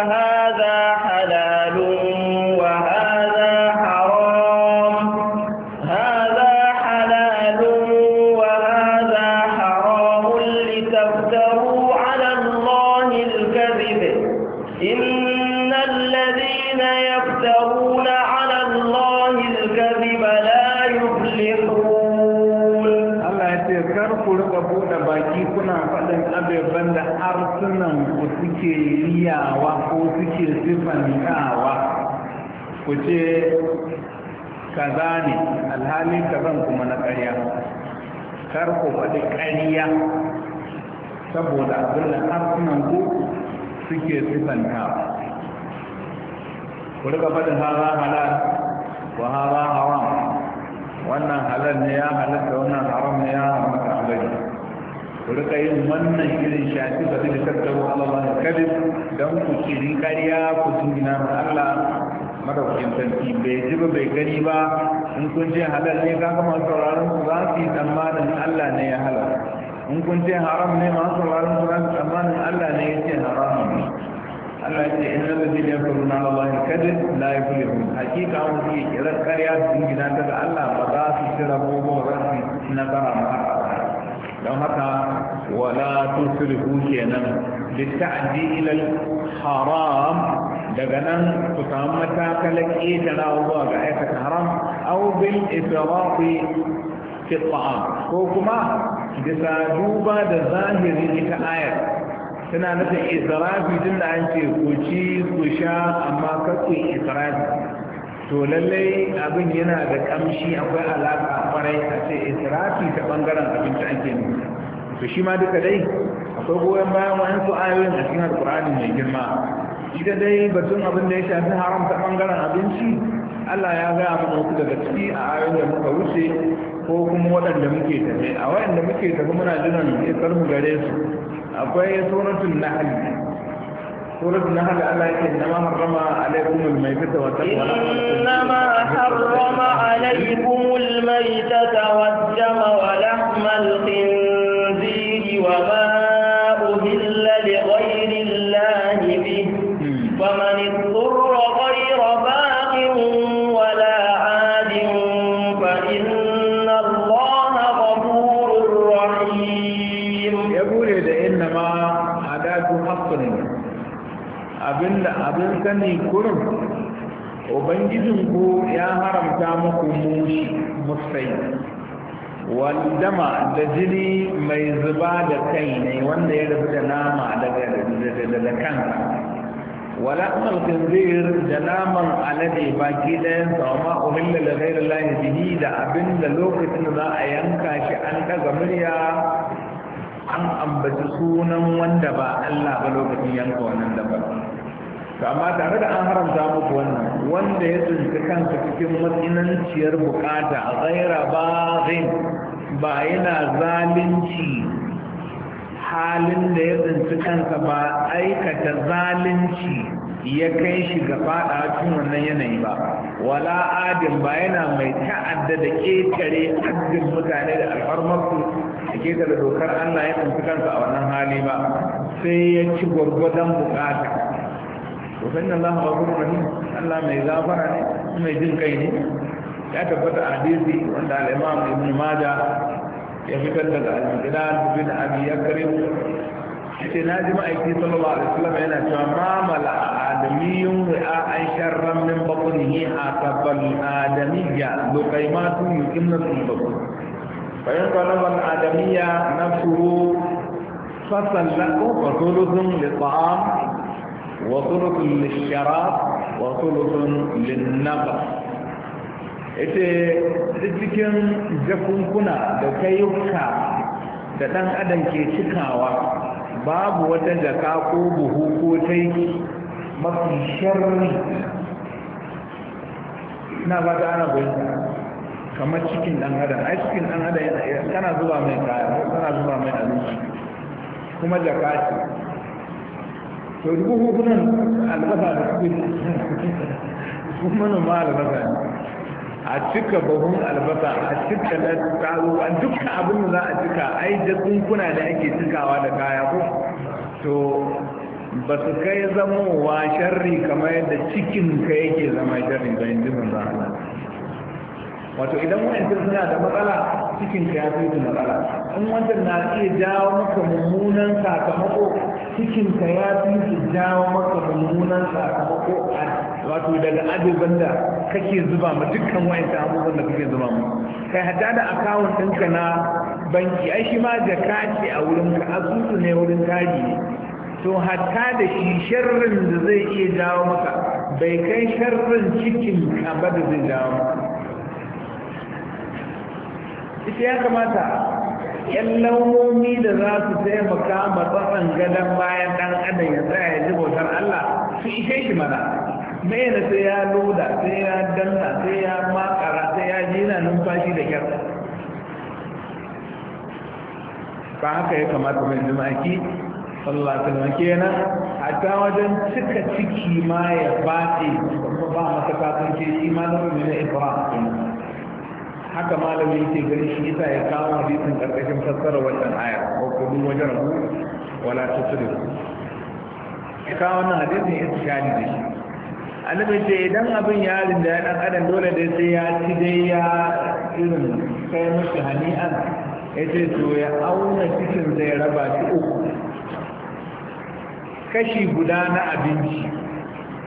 kar ku faɗi ƙariya saboda abin da harsunan ku suke sifanta ku rika faɗin hawa halal wa hawa haram wannan halal ne ya halatta wannan haram ne ya haramta halal ku rika yin wannan irin shafi ba zai tattaro Allah ne kadin don ku kiri ƙarya ku jingina ma Allah madaukakin sarki bai ji ba bai gani ba in kun ce halal ne ka ga masu sauraron su za su yi tsammanin Allah ne ya halal in kun ce haram ne masu sauraron su za su tsammanin Allah ne ya ce haram ne Allah ya ce in na zafi ne kuru na Allah ya kaji la ya kule mu hakika mu ke kiran karya su gina ta ga Allah ba za su ci rabo ba za su ci nasara ma don haka wala tusrifu kenan bi ta'di ila al-haram daga nan ku samu matakalan ƙetarawa zuwa ga aikata haram au bil israfi fi ko kuma bisa duba da zahiri ita ayar tana nufin israfi din da an ce ku ci ku sha amma kakku israfi to lallai abin yana da kamshi akwai alaƙa kwarai a ce israfi ta bangaren abinci ake nufi to shi ma duka dai akwai goyon bayan wa'ansu ayoyin a cikin alƙur'ani mai girma ita dai batun abin da ya shafi haram ta bangaren abinci Allah ya gaya mana wasu daga ciki a ayoyin da muka wuce ko kuma waɗanda muke tafe a waɗanda muke tafe muna jiran isar mu gare su akwai suratul nahl suratul nahl Allah yake inna ma harrama alaykum al-maytata wa tawalla inna ma harrama alaykum al-maytata wa dama wa lahma al-khinziri wa ma sani kurin ubangijinku ya haramta muku mushi musai waldama da jini mai zuba da kai ne wanda ya rabu da nama daga kansa walaƙar tanzir da naman alade baki ɗayan sama uhilla da zairar layi bihi da abin da lokacin za a yanka shi an ɗaga murya an ambaci sunan wanda ba allah ba lokacin yanka wannan dabar to amma tare da an haramta muku wannan wanda ya tsinci kansa cikin matsinanciyar bukata a tsaira ba zin ba yana zalunci halin da ya tsinci kansa ba aikata zalunci ya kai shi ga fada cikin wannan yanayi ba wala adin ba yana mai ta'adda da ketare addin mutane da alfarmarsu da ketare dokar allah ya tsinci kansa a wannan hali ba sai ya ci gwargwadon bukata to fa inna allaha ghafurur rahim allah mai gafara ne mai jin kai ne ya tabbata a hadisi wanda al-imam ibn majah ya fitar daga al-qidal bin abi yakrim yace na ji ma'aiki sallallahu alaihi wasallam yana cewa ma mala adamiyun ri'a an sharran min batnihi asabal adamiyya luqaymatu yuqimna min batn fa yanqala al adamiyya nafsuhu fasalla wa thuluthun li ta'am وثلث للشراب وثلث للنقر ita cikin jakunkuna da kayuka da ɗan adam ke cikawa babu wata jaka ko buhu ko taiki mafi sharri na ba ta ana gwamnati kamar cikin ɗan adam ai cikin ɗan adam yana kana zuba mai kaya kana zuba mai abinci kuma jaka ce to dubu hukunan albasa da kuɗi sun manoma albasa a cika bahun albasa a cika na tsaro a duka abin da za a cika ai da tsunkuna da ake cikawa da kaya ko to ba su kai zamowa sharri kamar yadda cikin ka yake zama sharri ga yanzu mun za wato idan wa'ancan suna da matsala cikin ka ya fi da matsala in wajen na iya jawo maka mummunan sakamako cikin ka ya fi su jawo maka mummunan sakamako wato daga abubuwan da kake zuba ma dukkan wa'ancan abubuwan da kake zuba mu kai hada da akawun ɗinka na banki ai shi ma da ce a wurin ka asusu ne wurin kaji ne to hatta da shi sharrin da zai iya jawo maka bai kai sharrin cikin ka ba da zai jawo maka ita ya kamata yan laumomi da za su taimaka ma tsatsan gadon bayan ɗan adam ya tsaya ya ji bautar Allah su ishe shi mana mai na sai ya loda sai ya danna sai ya makara sai ya jina numfashi da kyar ba haka ya kamata mai jima'aki sallatun wake a ta wajen cika ciki ma ya baɗe ba masa kasance shi ma na rumi na ifra haka malami yake gani shi yasa ya kawo hadisin karkashin fassara wannan aya ko kudu wajen rabu wala tusudu ya kawo wannan hadisin ya tsakani da shi annabi ce idan abin yarin da ya dan adam dole dai sai ya ci dai ya irin kai mushi hani'an ya ce to ya auna cikin zai raba shi uku kashi guda na abinci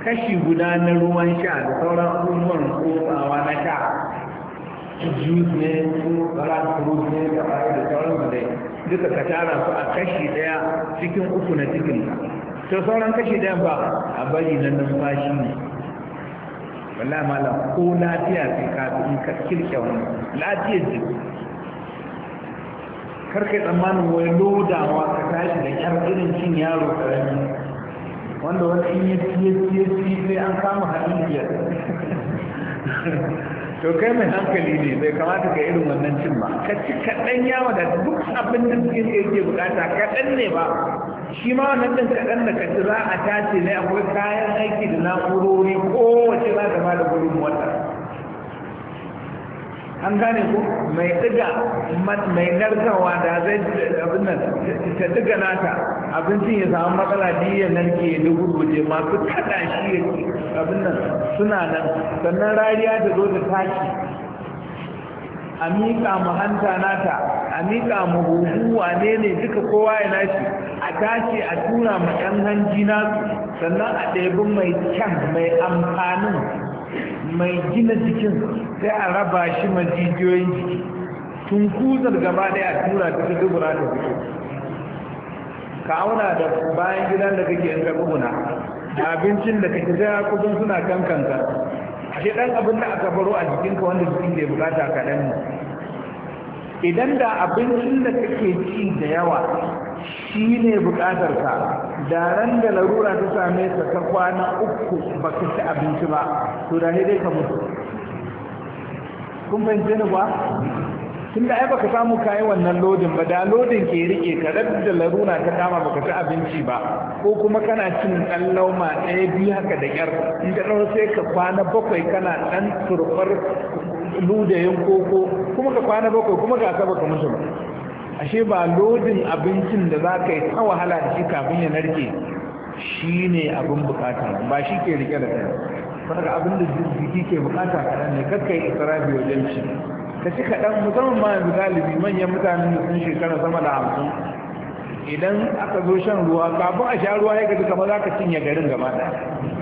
kashi guda na ruwan sha da sauran abubuwan tsotsawa na sha jus ne ko salat fruit ne da bayan da sauran da dai duka ka tara su a kashi daya cikin uku na cikin to sauran kashi daya ba a bari na shi ne wallahi malam ko lafiya sai ka in ka kirke wannan lafiyar jiki karkai tsammanin wai lodawa ka tashi da kyar irin cin yaro karami wanda wani in ya ciye ciye sai an kama halin biyar to kai mai hankali ne bai kamata ka irin wannan cin ba ka ci kaɗan ya da duk abin da suke yake bukata kaɗan ne ba shi ma wannan ɗin kaɗan da ka ci za a tace ne akwai kayan aiki da na'urori kowace za ta bada gurin wata an gane ku mai ɗiga mai narkarwa da zai abin nan ta ɗiga nata abincin ya samu matsala biyan narke ya dubu masu kaɗa shi ya abin nan suna nan sannan rariya ta zo da taki a miƙa mu hanta nata a miƙa mu huhu wane ne duka kowa ya nashi a tashi a tura mu ɗan hanji nasu sannan a ɗebi mai kyan mai amfanin mai gina jikin sai a raba shi majijiyoyin jiki tun kuzar gaba ɗaya a tura ta ta dubura da fito ka auna da bayan gidan da kake yin ka da abincin da kake zai kudin suna kankanka ashe dan abin da aka baro a jikinka wanda jikin ke bukata kaɗan ne idan da abincin da kake ci da yawa shi ne ka, da ran da larura ta same ka ta kwana uku ba ka ci abinci ba to da dai ka mutu kun fahimci ni ba tun da ai baka samu kayi wannan lodin ba da lodin ke rike ka da laruna ta kama baka ci abinci ba ko kuma kana cin dan lauma ɗaya biyu haka da ƙyar in ka dawo sai ka kwana bakwai kana dan turfar ludayin koko kuma ka kwana bakwai kuma ga ka baka mutu ba ashe ba lodin abincin da za ka yi ta wahala da shi kafin ya narke shi ne abin bukata ba shi ke rike da kai saboda abin da jiki ke bukata kaɗan ne kakkai biyu wajen shi ta ci kaɗan musamman ma yanzu galibi manyan mutanen da sun shekara sama da hamsin idan aka zo shan ruwa kafin a sha ruwa ya gaji kamar za ka cinye garin gaba ɗaya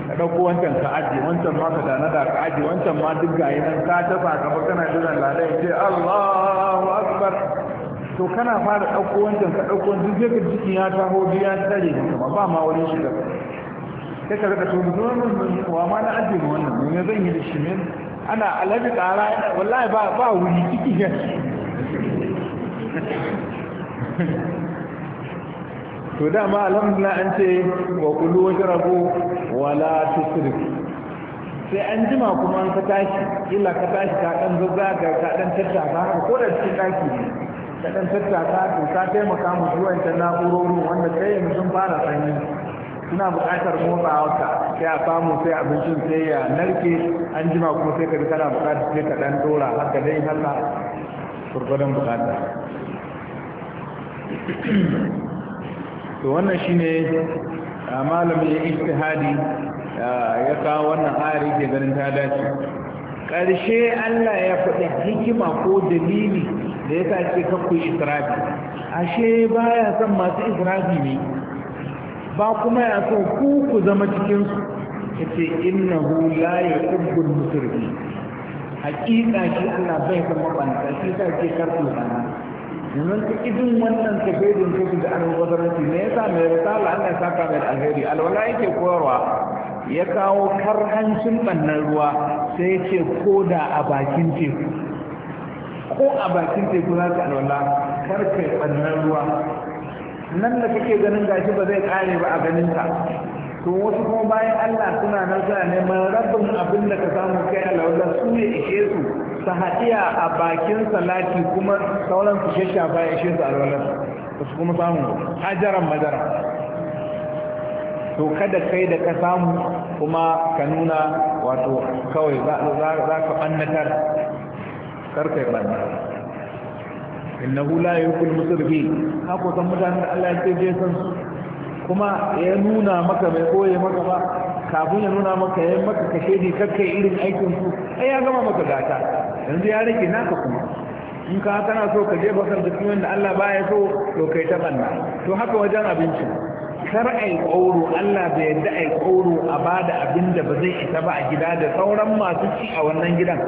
ka ɗauko wancan ka aji wancan ma ka dana da ka aji wancan ma duk gayi nan ka tafa ka kafa kana jira lalai ce Allahu Akbar to kana fara ɗauko wancan ka ɗauko duk zai ka jikin ya taho biya tsare kuma ba ma wurin shiga sai ka rika to mutum wa ma na aji wannan ne zan yi da shi ne ana alabi tsara wallahi ba ba wuri ciki ne to dama alhamdulillah an ce wa kulu wajrabu wala tusrif sai an jima kuma an ka shi illa ka tashi ka dan zazzaga ka dan tattaka haka ko da cikin daki ne ka dan tattaka to ta taimaka mu zuwa ta na'urorin wanda kai yanzu sun fara sanyi suna buƙatar motsa motsawarka sai a samu sai abincin sai ya narke an jima kuma sai ka kana buƙatar sai ka ɗan ɗora haka dai haka gurgudan buƙata to wannan shine malamin ya ijtihadi ya kawo wannan ayar ke ganin ta dace ƙarshe Allah ya faɗi hikima ko dalili da ya sa ce kakku israfi ashe baya son masu israfi ne ba kuma ya so ku ku zama cikinsu ya ce inna hu la ya ƙubbul musulmi hakika shi Allah bai san mabanta shi ta ke karfi sana yanzu ta idin wannan tafiyar kuku da an wazaranci ne ya sa mai risala Allah ya saka mai alheri alwala yake koyarwa ya kawo karhancin ɓannan ruwa sai ya ce ko da a bakin teku ko a bakin teku za ka alwala kar kai ɓannan ruwa nan da kake ganin gashi ba zai kare ba a ganin ka to wasu kuma bayan Allah suna nan suna neman rabin abin da ka samu kai a su ne ishe su su haɗiya a bakin salati kuma sauran su shafa ya ishe su alwalar ba su kuma samu hajaran madara to kada kai da ka samu kuma ka nuna wato kawai za ka ɓannatar karkai ɓannatar ya yi yuhul musrifin haka san mutanen da Allah ya ce san su kuma ya nuna maka bai koye maka ba kafin ya nuna maka ya maka kashe ne kakkai irin aikin su ai ya gama maka gata yanzu ya rage naka kuma in ka kana so ka je kan cikin wanda Allah baya so to kai ta banna to haka wajen abinci kar ai kauro Allah bai yarda ai kauro a bada abin da ba zai isa ba a gida da sauran masu ci a wannan gidan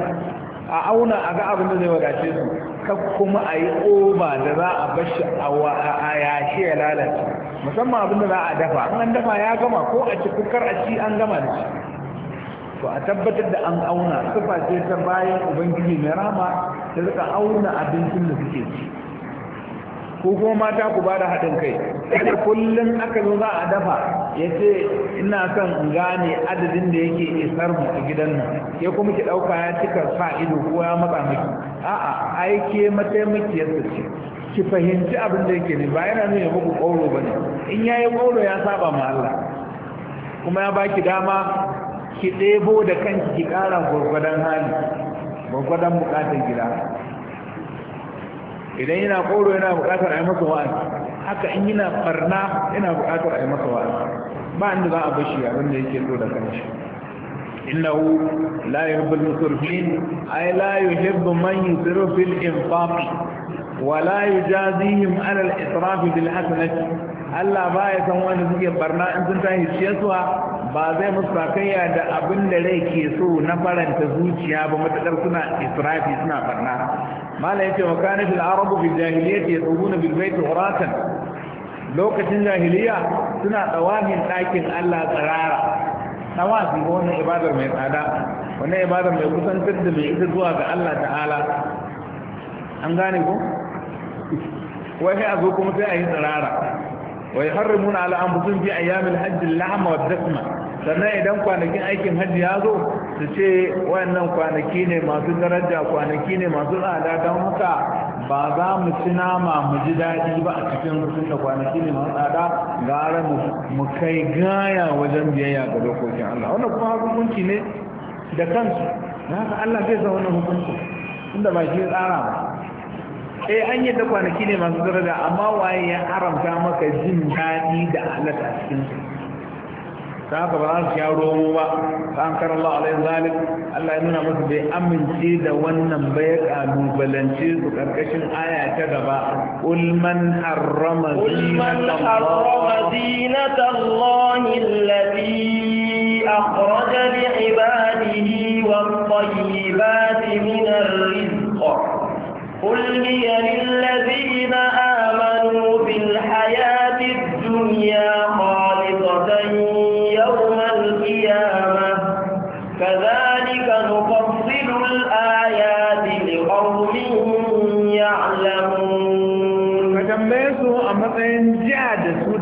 a auna a ga abin da zai wadace su kar kuma a yi oba da za a bashi a yashi ya lalace musamman abin da za a dafa an dafa ya gama ko a ci kukar a ci an gama da shi to a tabbatar da an auna sufa ce ta bayan ubangiji mai rama ta rika auna abincin da suke ci ko kuma mata ku ba da haɗin kai kullum aka zo za a dafa ya ce ina son in gane adadin da yake isar mu a gidan nan ya kuma ki ɗauka ya cika sa ido ko ya matsa miki a'a ai ke mataimaki ce ki fahimci abin da yake ne ba yana nuna ya muku ƙauro ba ne in ya yi ƙauro ya saba ma Allah kuma ya baki dama ki ɗebo da kanki ki ƙara gwargwadon hali gwargwadon buƙatar gida idan yana ƙoro yana buƙatar a yi masa wa'azi haka in yana farna yana buƙatar a yi masa wa'azi بعد ذا أبشي أبن يكيدو ذا كنش إنه لا يحب المصرفين أي لا يحب من يسر في الإنفاق ولا يجازيهم على الإطراف بالحسنة ألا بايتا هو أن يسكي إن انتا يسيسوا بعضي مصرفية دا أبن لدي كيسو نفر أن تزوجي أبا متقرسنا إطراف اسنا برناء ما لا يتوقعني في العرب في الجاهلية يطلبون بالبيت غراسا lokacin jahiliya suna tsawafin ɗakin Allah tsirara tsawafi ga wani ibadar mai tsada wani ibadar mai kusantar da mai ita zuwa ga Allah ta'ala an gane ko wai a zo kuma sai a yi tsirara wai harrimuna ala an fi a ayyamin hajji lahama wa dasma sannan idan kwanakin aikin hajji ya zo su ce wayannan kwanaki ne masu daraja kwanaki ne masu tsada don haka ba za mu ci nama mu ji daɗi ba a cikin rukun da kwanaki ne masu tsada gara mu kai gaya wajen biyayya ga dokokin Allah wannan kuma hukunci ne da kansu na haka Allah zai san wannan hukunci inda ba shi tsara ba eh an yadda kwanaki ne masu daraja amma waye ya haramta maka jin daɗi da halatta cikin su ta haka ba za su ya romo ba ta an kar Allah alaihi zalim Allah ya nuna musu bai amince da wannan ba ya kalubalance su karkashin aya ta gaba qul man harrama zinata Allah allati akhraja li ibadihi wat tayyibati min ar-rizq qul hiya lil ladina amanu bil hayati ad-dunya خالصة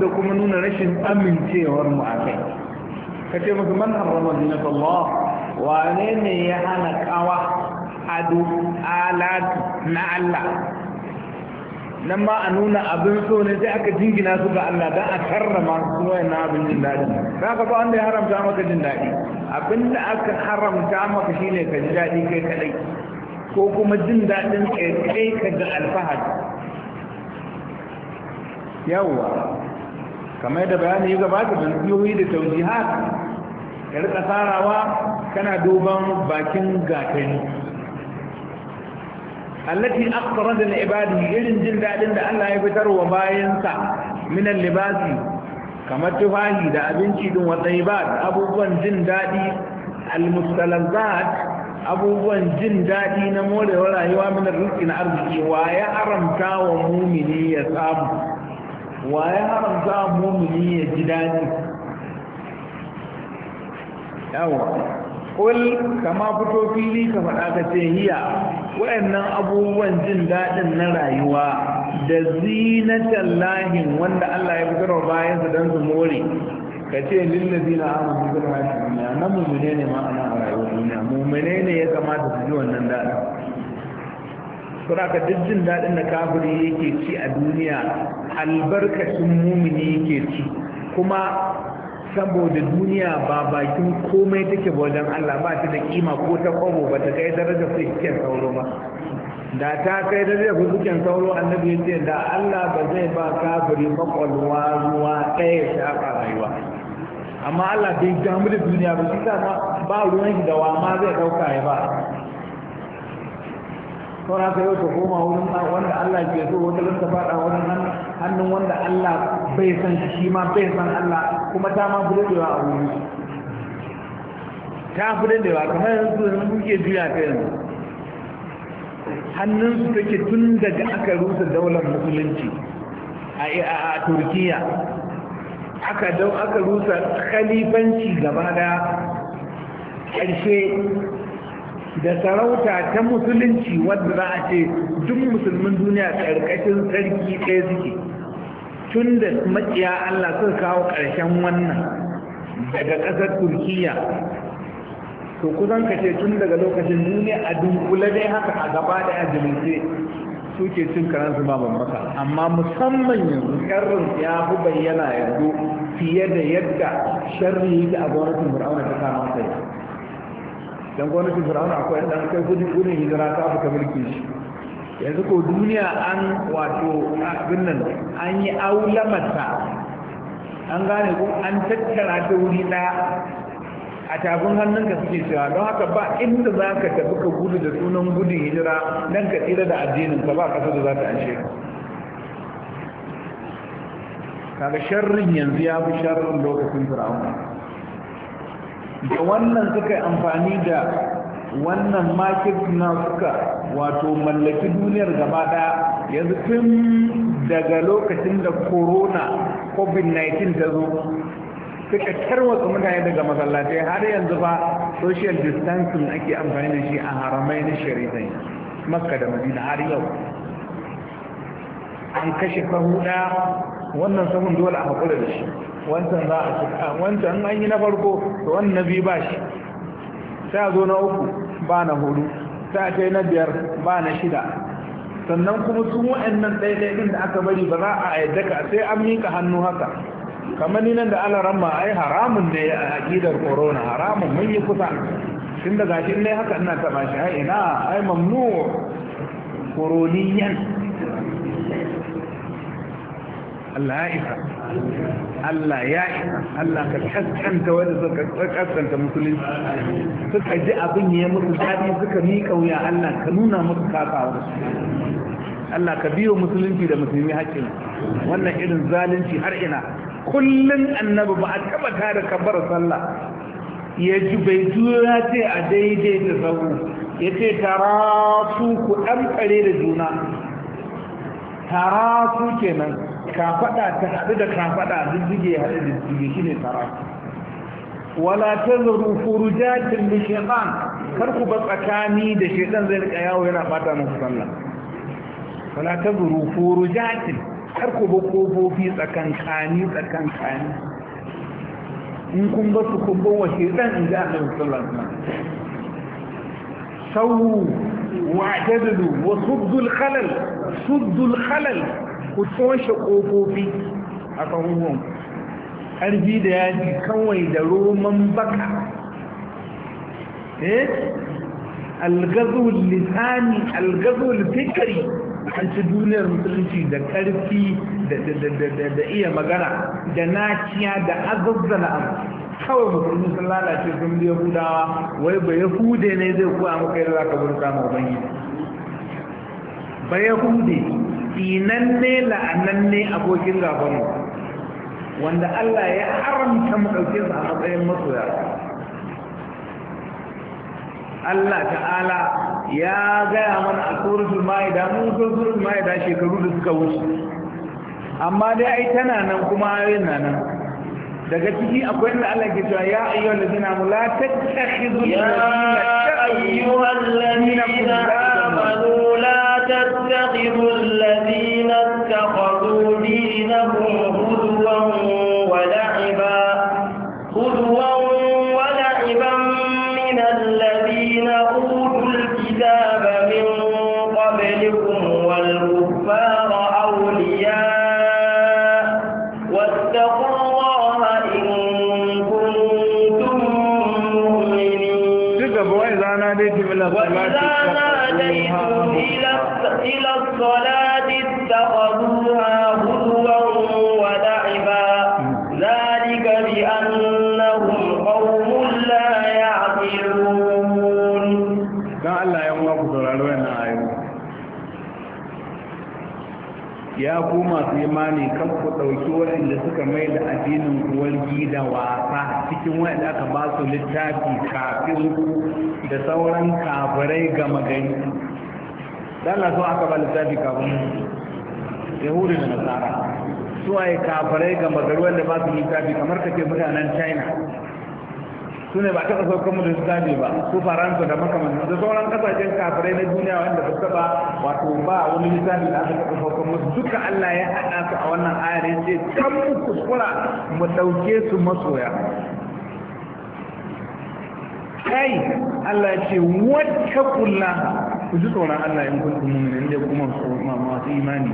da kuma nuna rashin amincewar mu a kai ka ce musu man harrama zinata Allah wane ne ya hana kawa ado alatu na Allah nan ma a nuna abin so ne sai aka jingina su ga Allah don a karrama su wayan abin jin daɗi za ka ba wanda ya haramta maka jin daɗi abin da aka haramta maka shi ne ka ji daɗi kai kaɗai ko kuma jin daɗin kai ka ga alfahari yawwa kamar da bayani ya gabata banziyoyi da taujihat ka rika tsarawa kana duban bakin gatari allati da na ibadi irin jin daɗin da Allah ya fitar wa bayansa minan libasi kamar tufahi da abinci din wa tsayibat abubuwan jin dadi almustalazat abubuwan jin daɗi na morewa rayuwa min rikin arziki wa ya haramta wa mumini ya samu wa ya haramta mumini ya ji daɗi yawa kama fito fili ka faɗa ka ce hiya waɗannan abubuwan jin daɗin na rayuwa da zinatan lahin wanda Allah ya fitarwa bayansa don su more ka ce lillazi na amon fitarwa shi na mummune ne ma'ana a rayuwar duniya mummune ne ya kamata su ji wannan daɗin saboda duk jin daɗin da kafiri yake ci a duniya albarkacin mumini yake ci kuma saboda duniya ba bakin komai take wajen Allah ba ta da kima ko ta kwabo ba ta kai daraja su iskiyar sauro ba da ta kai daraja su iskiyar sauro annabi ya ce da Allah ba zai ba kafiri makwalwa ruwa ɗaya ya shafa rayuwa amma Allah bai damu da duniya ba shi sa ba ruwan shi da zai ɗauka ya ba saura ka yau ta koma wurin wanda Allah ke so wata zan ta faɗa wurin nan hannun wanda Allah bai san shi ma bai san Allah kuma ta ma fi daɗewa a wuri ta fi daɗewa kamar yanzu yanzu kuke juya ta yanzu hannunsu take tun daga aka rusa daular musulunci a turkiya aka rusa khalifanci gaba daya ƙarshe da sarauta ta musulunci wadda za a ce duk musulmin duniya ƙarƙashin sarki ɗaya suke tun da maƙiya Allah suka kawo ƙarshen wannan daga ƙasar Turkiyya, to kusan ka ce tun daga lokacin duniya a dunkule dai haka a gaba da ajilince suke cin karansu ba amma musamman yanzu ƙarrin ya fi bayyana yanzu fiye da yadda sharri da a gwamnatin bur'auna ta kama sai don gwamnatin fir'auna akwai ɗan kai gudun gudun hijira ta afirka mulki shi yanzu ko duniya an wato abin nan an yi mata. an gane ko an tattara ta wuri na. a tafin hannunka suke cewa don haka ba inda za ka tafi ka gudu da sunan gudun hijira nan ka tsira da addinin ka ba kasar da za ta ashe kaga sharrin yanzu ya fi sharrin lokacin fir'auna da wannan suka amfani da wannan market na suka wato mallaki duniyar gaba daya yanzu tun daga lokacin da corona covid-19 ta zo suka tarwatsa mutane daga masallatai har yanzu ba social distancing ake amfani da shi a haramai na shari'ai makka da madina har yau an kashe kan huda wannan sahun dole a haƙura da shi wancan za a cika wancan an yi na farko to wannan na biyu ba shi sai a zo na uku ba na hudu sai a kai na biyar ba na shida sannan kuma sun wa'annan ɗin da aka bari ba za a yadda ka sai an miƙa hannu haka kamar ni nan da alaran ma ai haramun ne a aƙidar corona haramun mun yi kusa tun da shi ne haka ina taɓa shi ai ina ai mamnu koroniyan Allah ya isa Allah ya isa Allah ka kaskanta wanda suka kaskanta musulunci suka ji abin ya musu daɗi suka miƙa wuya Allah ka nuna musu kasawa. Allah ka biyo musulunci da musulmi haƙƙin wannan irin zalunci har ina kullum annabi ba a taɓa tare kabbar sallah ya ji bai juyo ya ce a daidai da sahu ya ce tara su ku ɗan da juna tara su kenan kafada ta haɗu da kafada diddige haɗu da diddige shine saraki wala tazru furujatin li shaytan kar ku ba tsakani da shaytan zai rika yawo yana bata muku sallah wala tazru furujatin kar ku ba kofofi tsakankani tsakankani in kun ba su kun bawa shaytan in ji annabi sallallahu alaihi wasallam sawu wa'tadilu wa suddu al-khalal suddu al-khalal ku toshe ƙofofi a ƙahuhun ƙarfi da yaji kawai da roman baka eh algazul lisani algazul fikri an ci duniyar musulunci da ƙarfi da iya magana da naciya da azazzala a kawai musulmi sun lalace sun biya hudawa wai ba ya hude ne zai kuwa maka yadda za ka burka ma ubangiji ba ya hude tsinanne la'ananne abokin gabanmu wanda Allah ya haramta mu su a matsayin masoya Allah ta'ala ya gaya mana a suratul ma'ida mun so suratul ma'ida shekaru da suka wuce amma dai ai tana nan kuma ayoyin na nan daga ciki akwai inda Allah ke cewa ya ayyuhal ladina amanu la tattakhidhu ya ayyuhal ladina amanu la تتخذوا الذين اتخذوا دينهم ya ku masu imani kan ku ɗauki waɗanda suka mai da addinin kuwargi da wasa cikin waɗanda aka ba su littafi kafin ku da sauran kafirai magani gari dala so aka ba littafi kafin yahudu da nasara su a kafirai ga magani wanda ba su littafi kamar kake mutanen china su ne ba ta ƙasar kuma da su ba su faransa da makamanta da sauran kasashen kafirai na duniya wanda ba taɓa wato ba wani misali da aka taɓa saukan duka Allah ya haɗa su a wannan ayar ya ce kan mu kuskura mu ɗauke su masoya kai Allah ya ce wata kulla ku ji tsoron Allah in kuntum mu'minin da kuma masu imani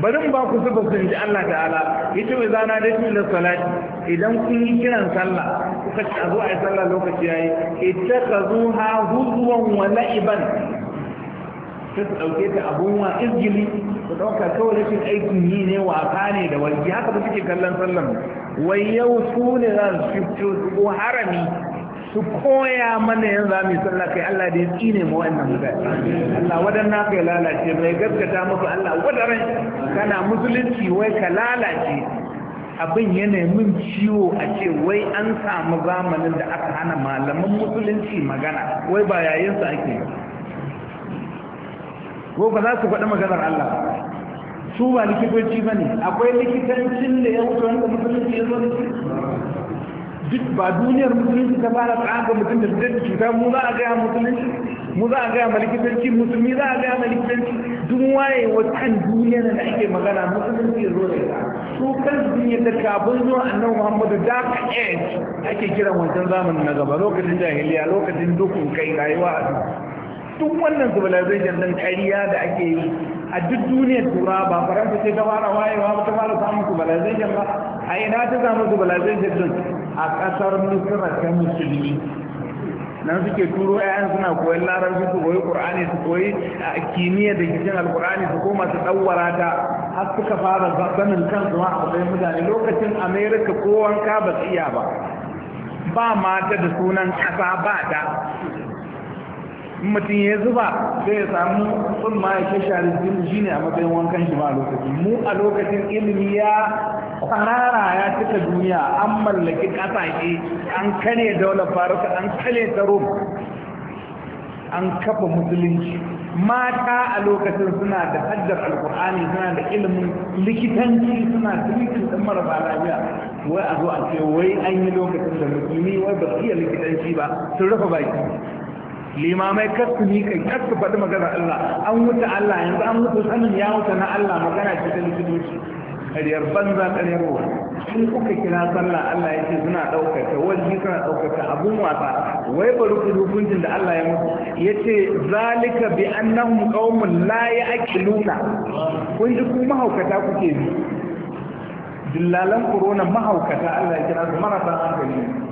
bari mu ba ku zuba sun ji Allah ta'ala yace wa zana da shi da salati idan kun yi kiran sallah kuka ci a zo yi sallah lokaci yayi ittakazuha huzwan wa la'iban sai su ɗauke ta abun wa izgili su ɗauka kawai rashin aikin yi ne wasa ne da wani haka ba suke kallon sallan wai yau su ne za su fito su ko harami su koya mana yin za mu sallah kai Allah da ya tsine mu wannan mutane Allah na kai lalace Mai gaskata musu Allah wadaran kana musulunci wai ka lalace abin yanayin min ciwo a ce wai an samu zamanin da aka hana malaman musulunci magana wai ba yayinsa ake ko ba za su faɗi maganar Allah su ba likitoci ba ne akwai likitancin da ya wuce wanda musulunci ya zo duk ba duniyar musulunci ta fara tsaga mutum da zai cuta mu za a gaya musulunci mu za a gaya ma musulmi za a gaya ma duk waye wa kan duniyar da ake magana musulunci zo da ita su kan sun yadda kafin zuwa annabi muhammadu dark age ake kiran wancan zamanin na gaba lokacin jahiliya lokacin dukun kai rayuwa a duk wannan civilization din kariya da ake yi a duk duniyar tura ba faransa ce ta fara wayewa ba ta fara samun civilization ba a ina ta samu civilization din a ƙasar misira ta musulmi nan suke turo yayan suna koyon larabci su koyi Al-ƙur'ani, su koyi kimiyya da gijin alqur'ani su koma su dawwara ta har suka fara sanin kansu ma a bayan mutane lokacin Amerika ko wanka ba su iya ba ba mata da sunan ƙasa ba ta mutum ya zuba sai ya samu ma ya shashari share shi ne a matsayin wankan shi ba a lokaci mu a lokacin ilimi ya kwarara ya cika duniya an mallaki ƙasashe an kane daular faruka an kane ta rom an kafa musulunci mata a lokacin suna da haddar alkur'ani suna da ilimin likitanci suna da mara ba lafiya wai a zo a ce wai an yi lokacin da musulmi wai ba su iya likitanci ba sun rufe baki limamai kasu ni kai kasu faɗi magana Allah an wuce Allah yanzu an mutu sanin ya wuce na Allah magana ce ta likitoci ƙaryar banza ƙaryar wa in kuka kira sallah Allah yake suna ɗaukaka wajen suna ɗaukaka abun wasa wai bari ku hukuncin da Allah ya mutu yace zalika bi annahum qaumun la ya'qiluna kun ji ku mahaukata kuke bi dillalan corona mahaukata Allah ya kira su marasa hankali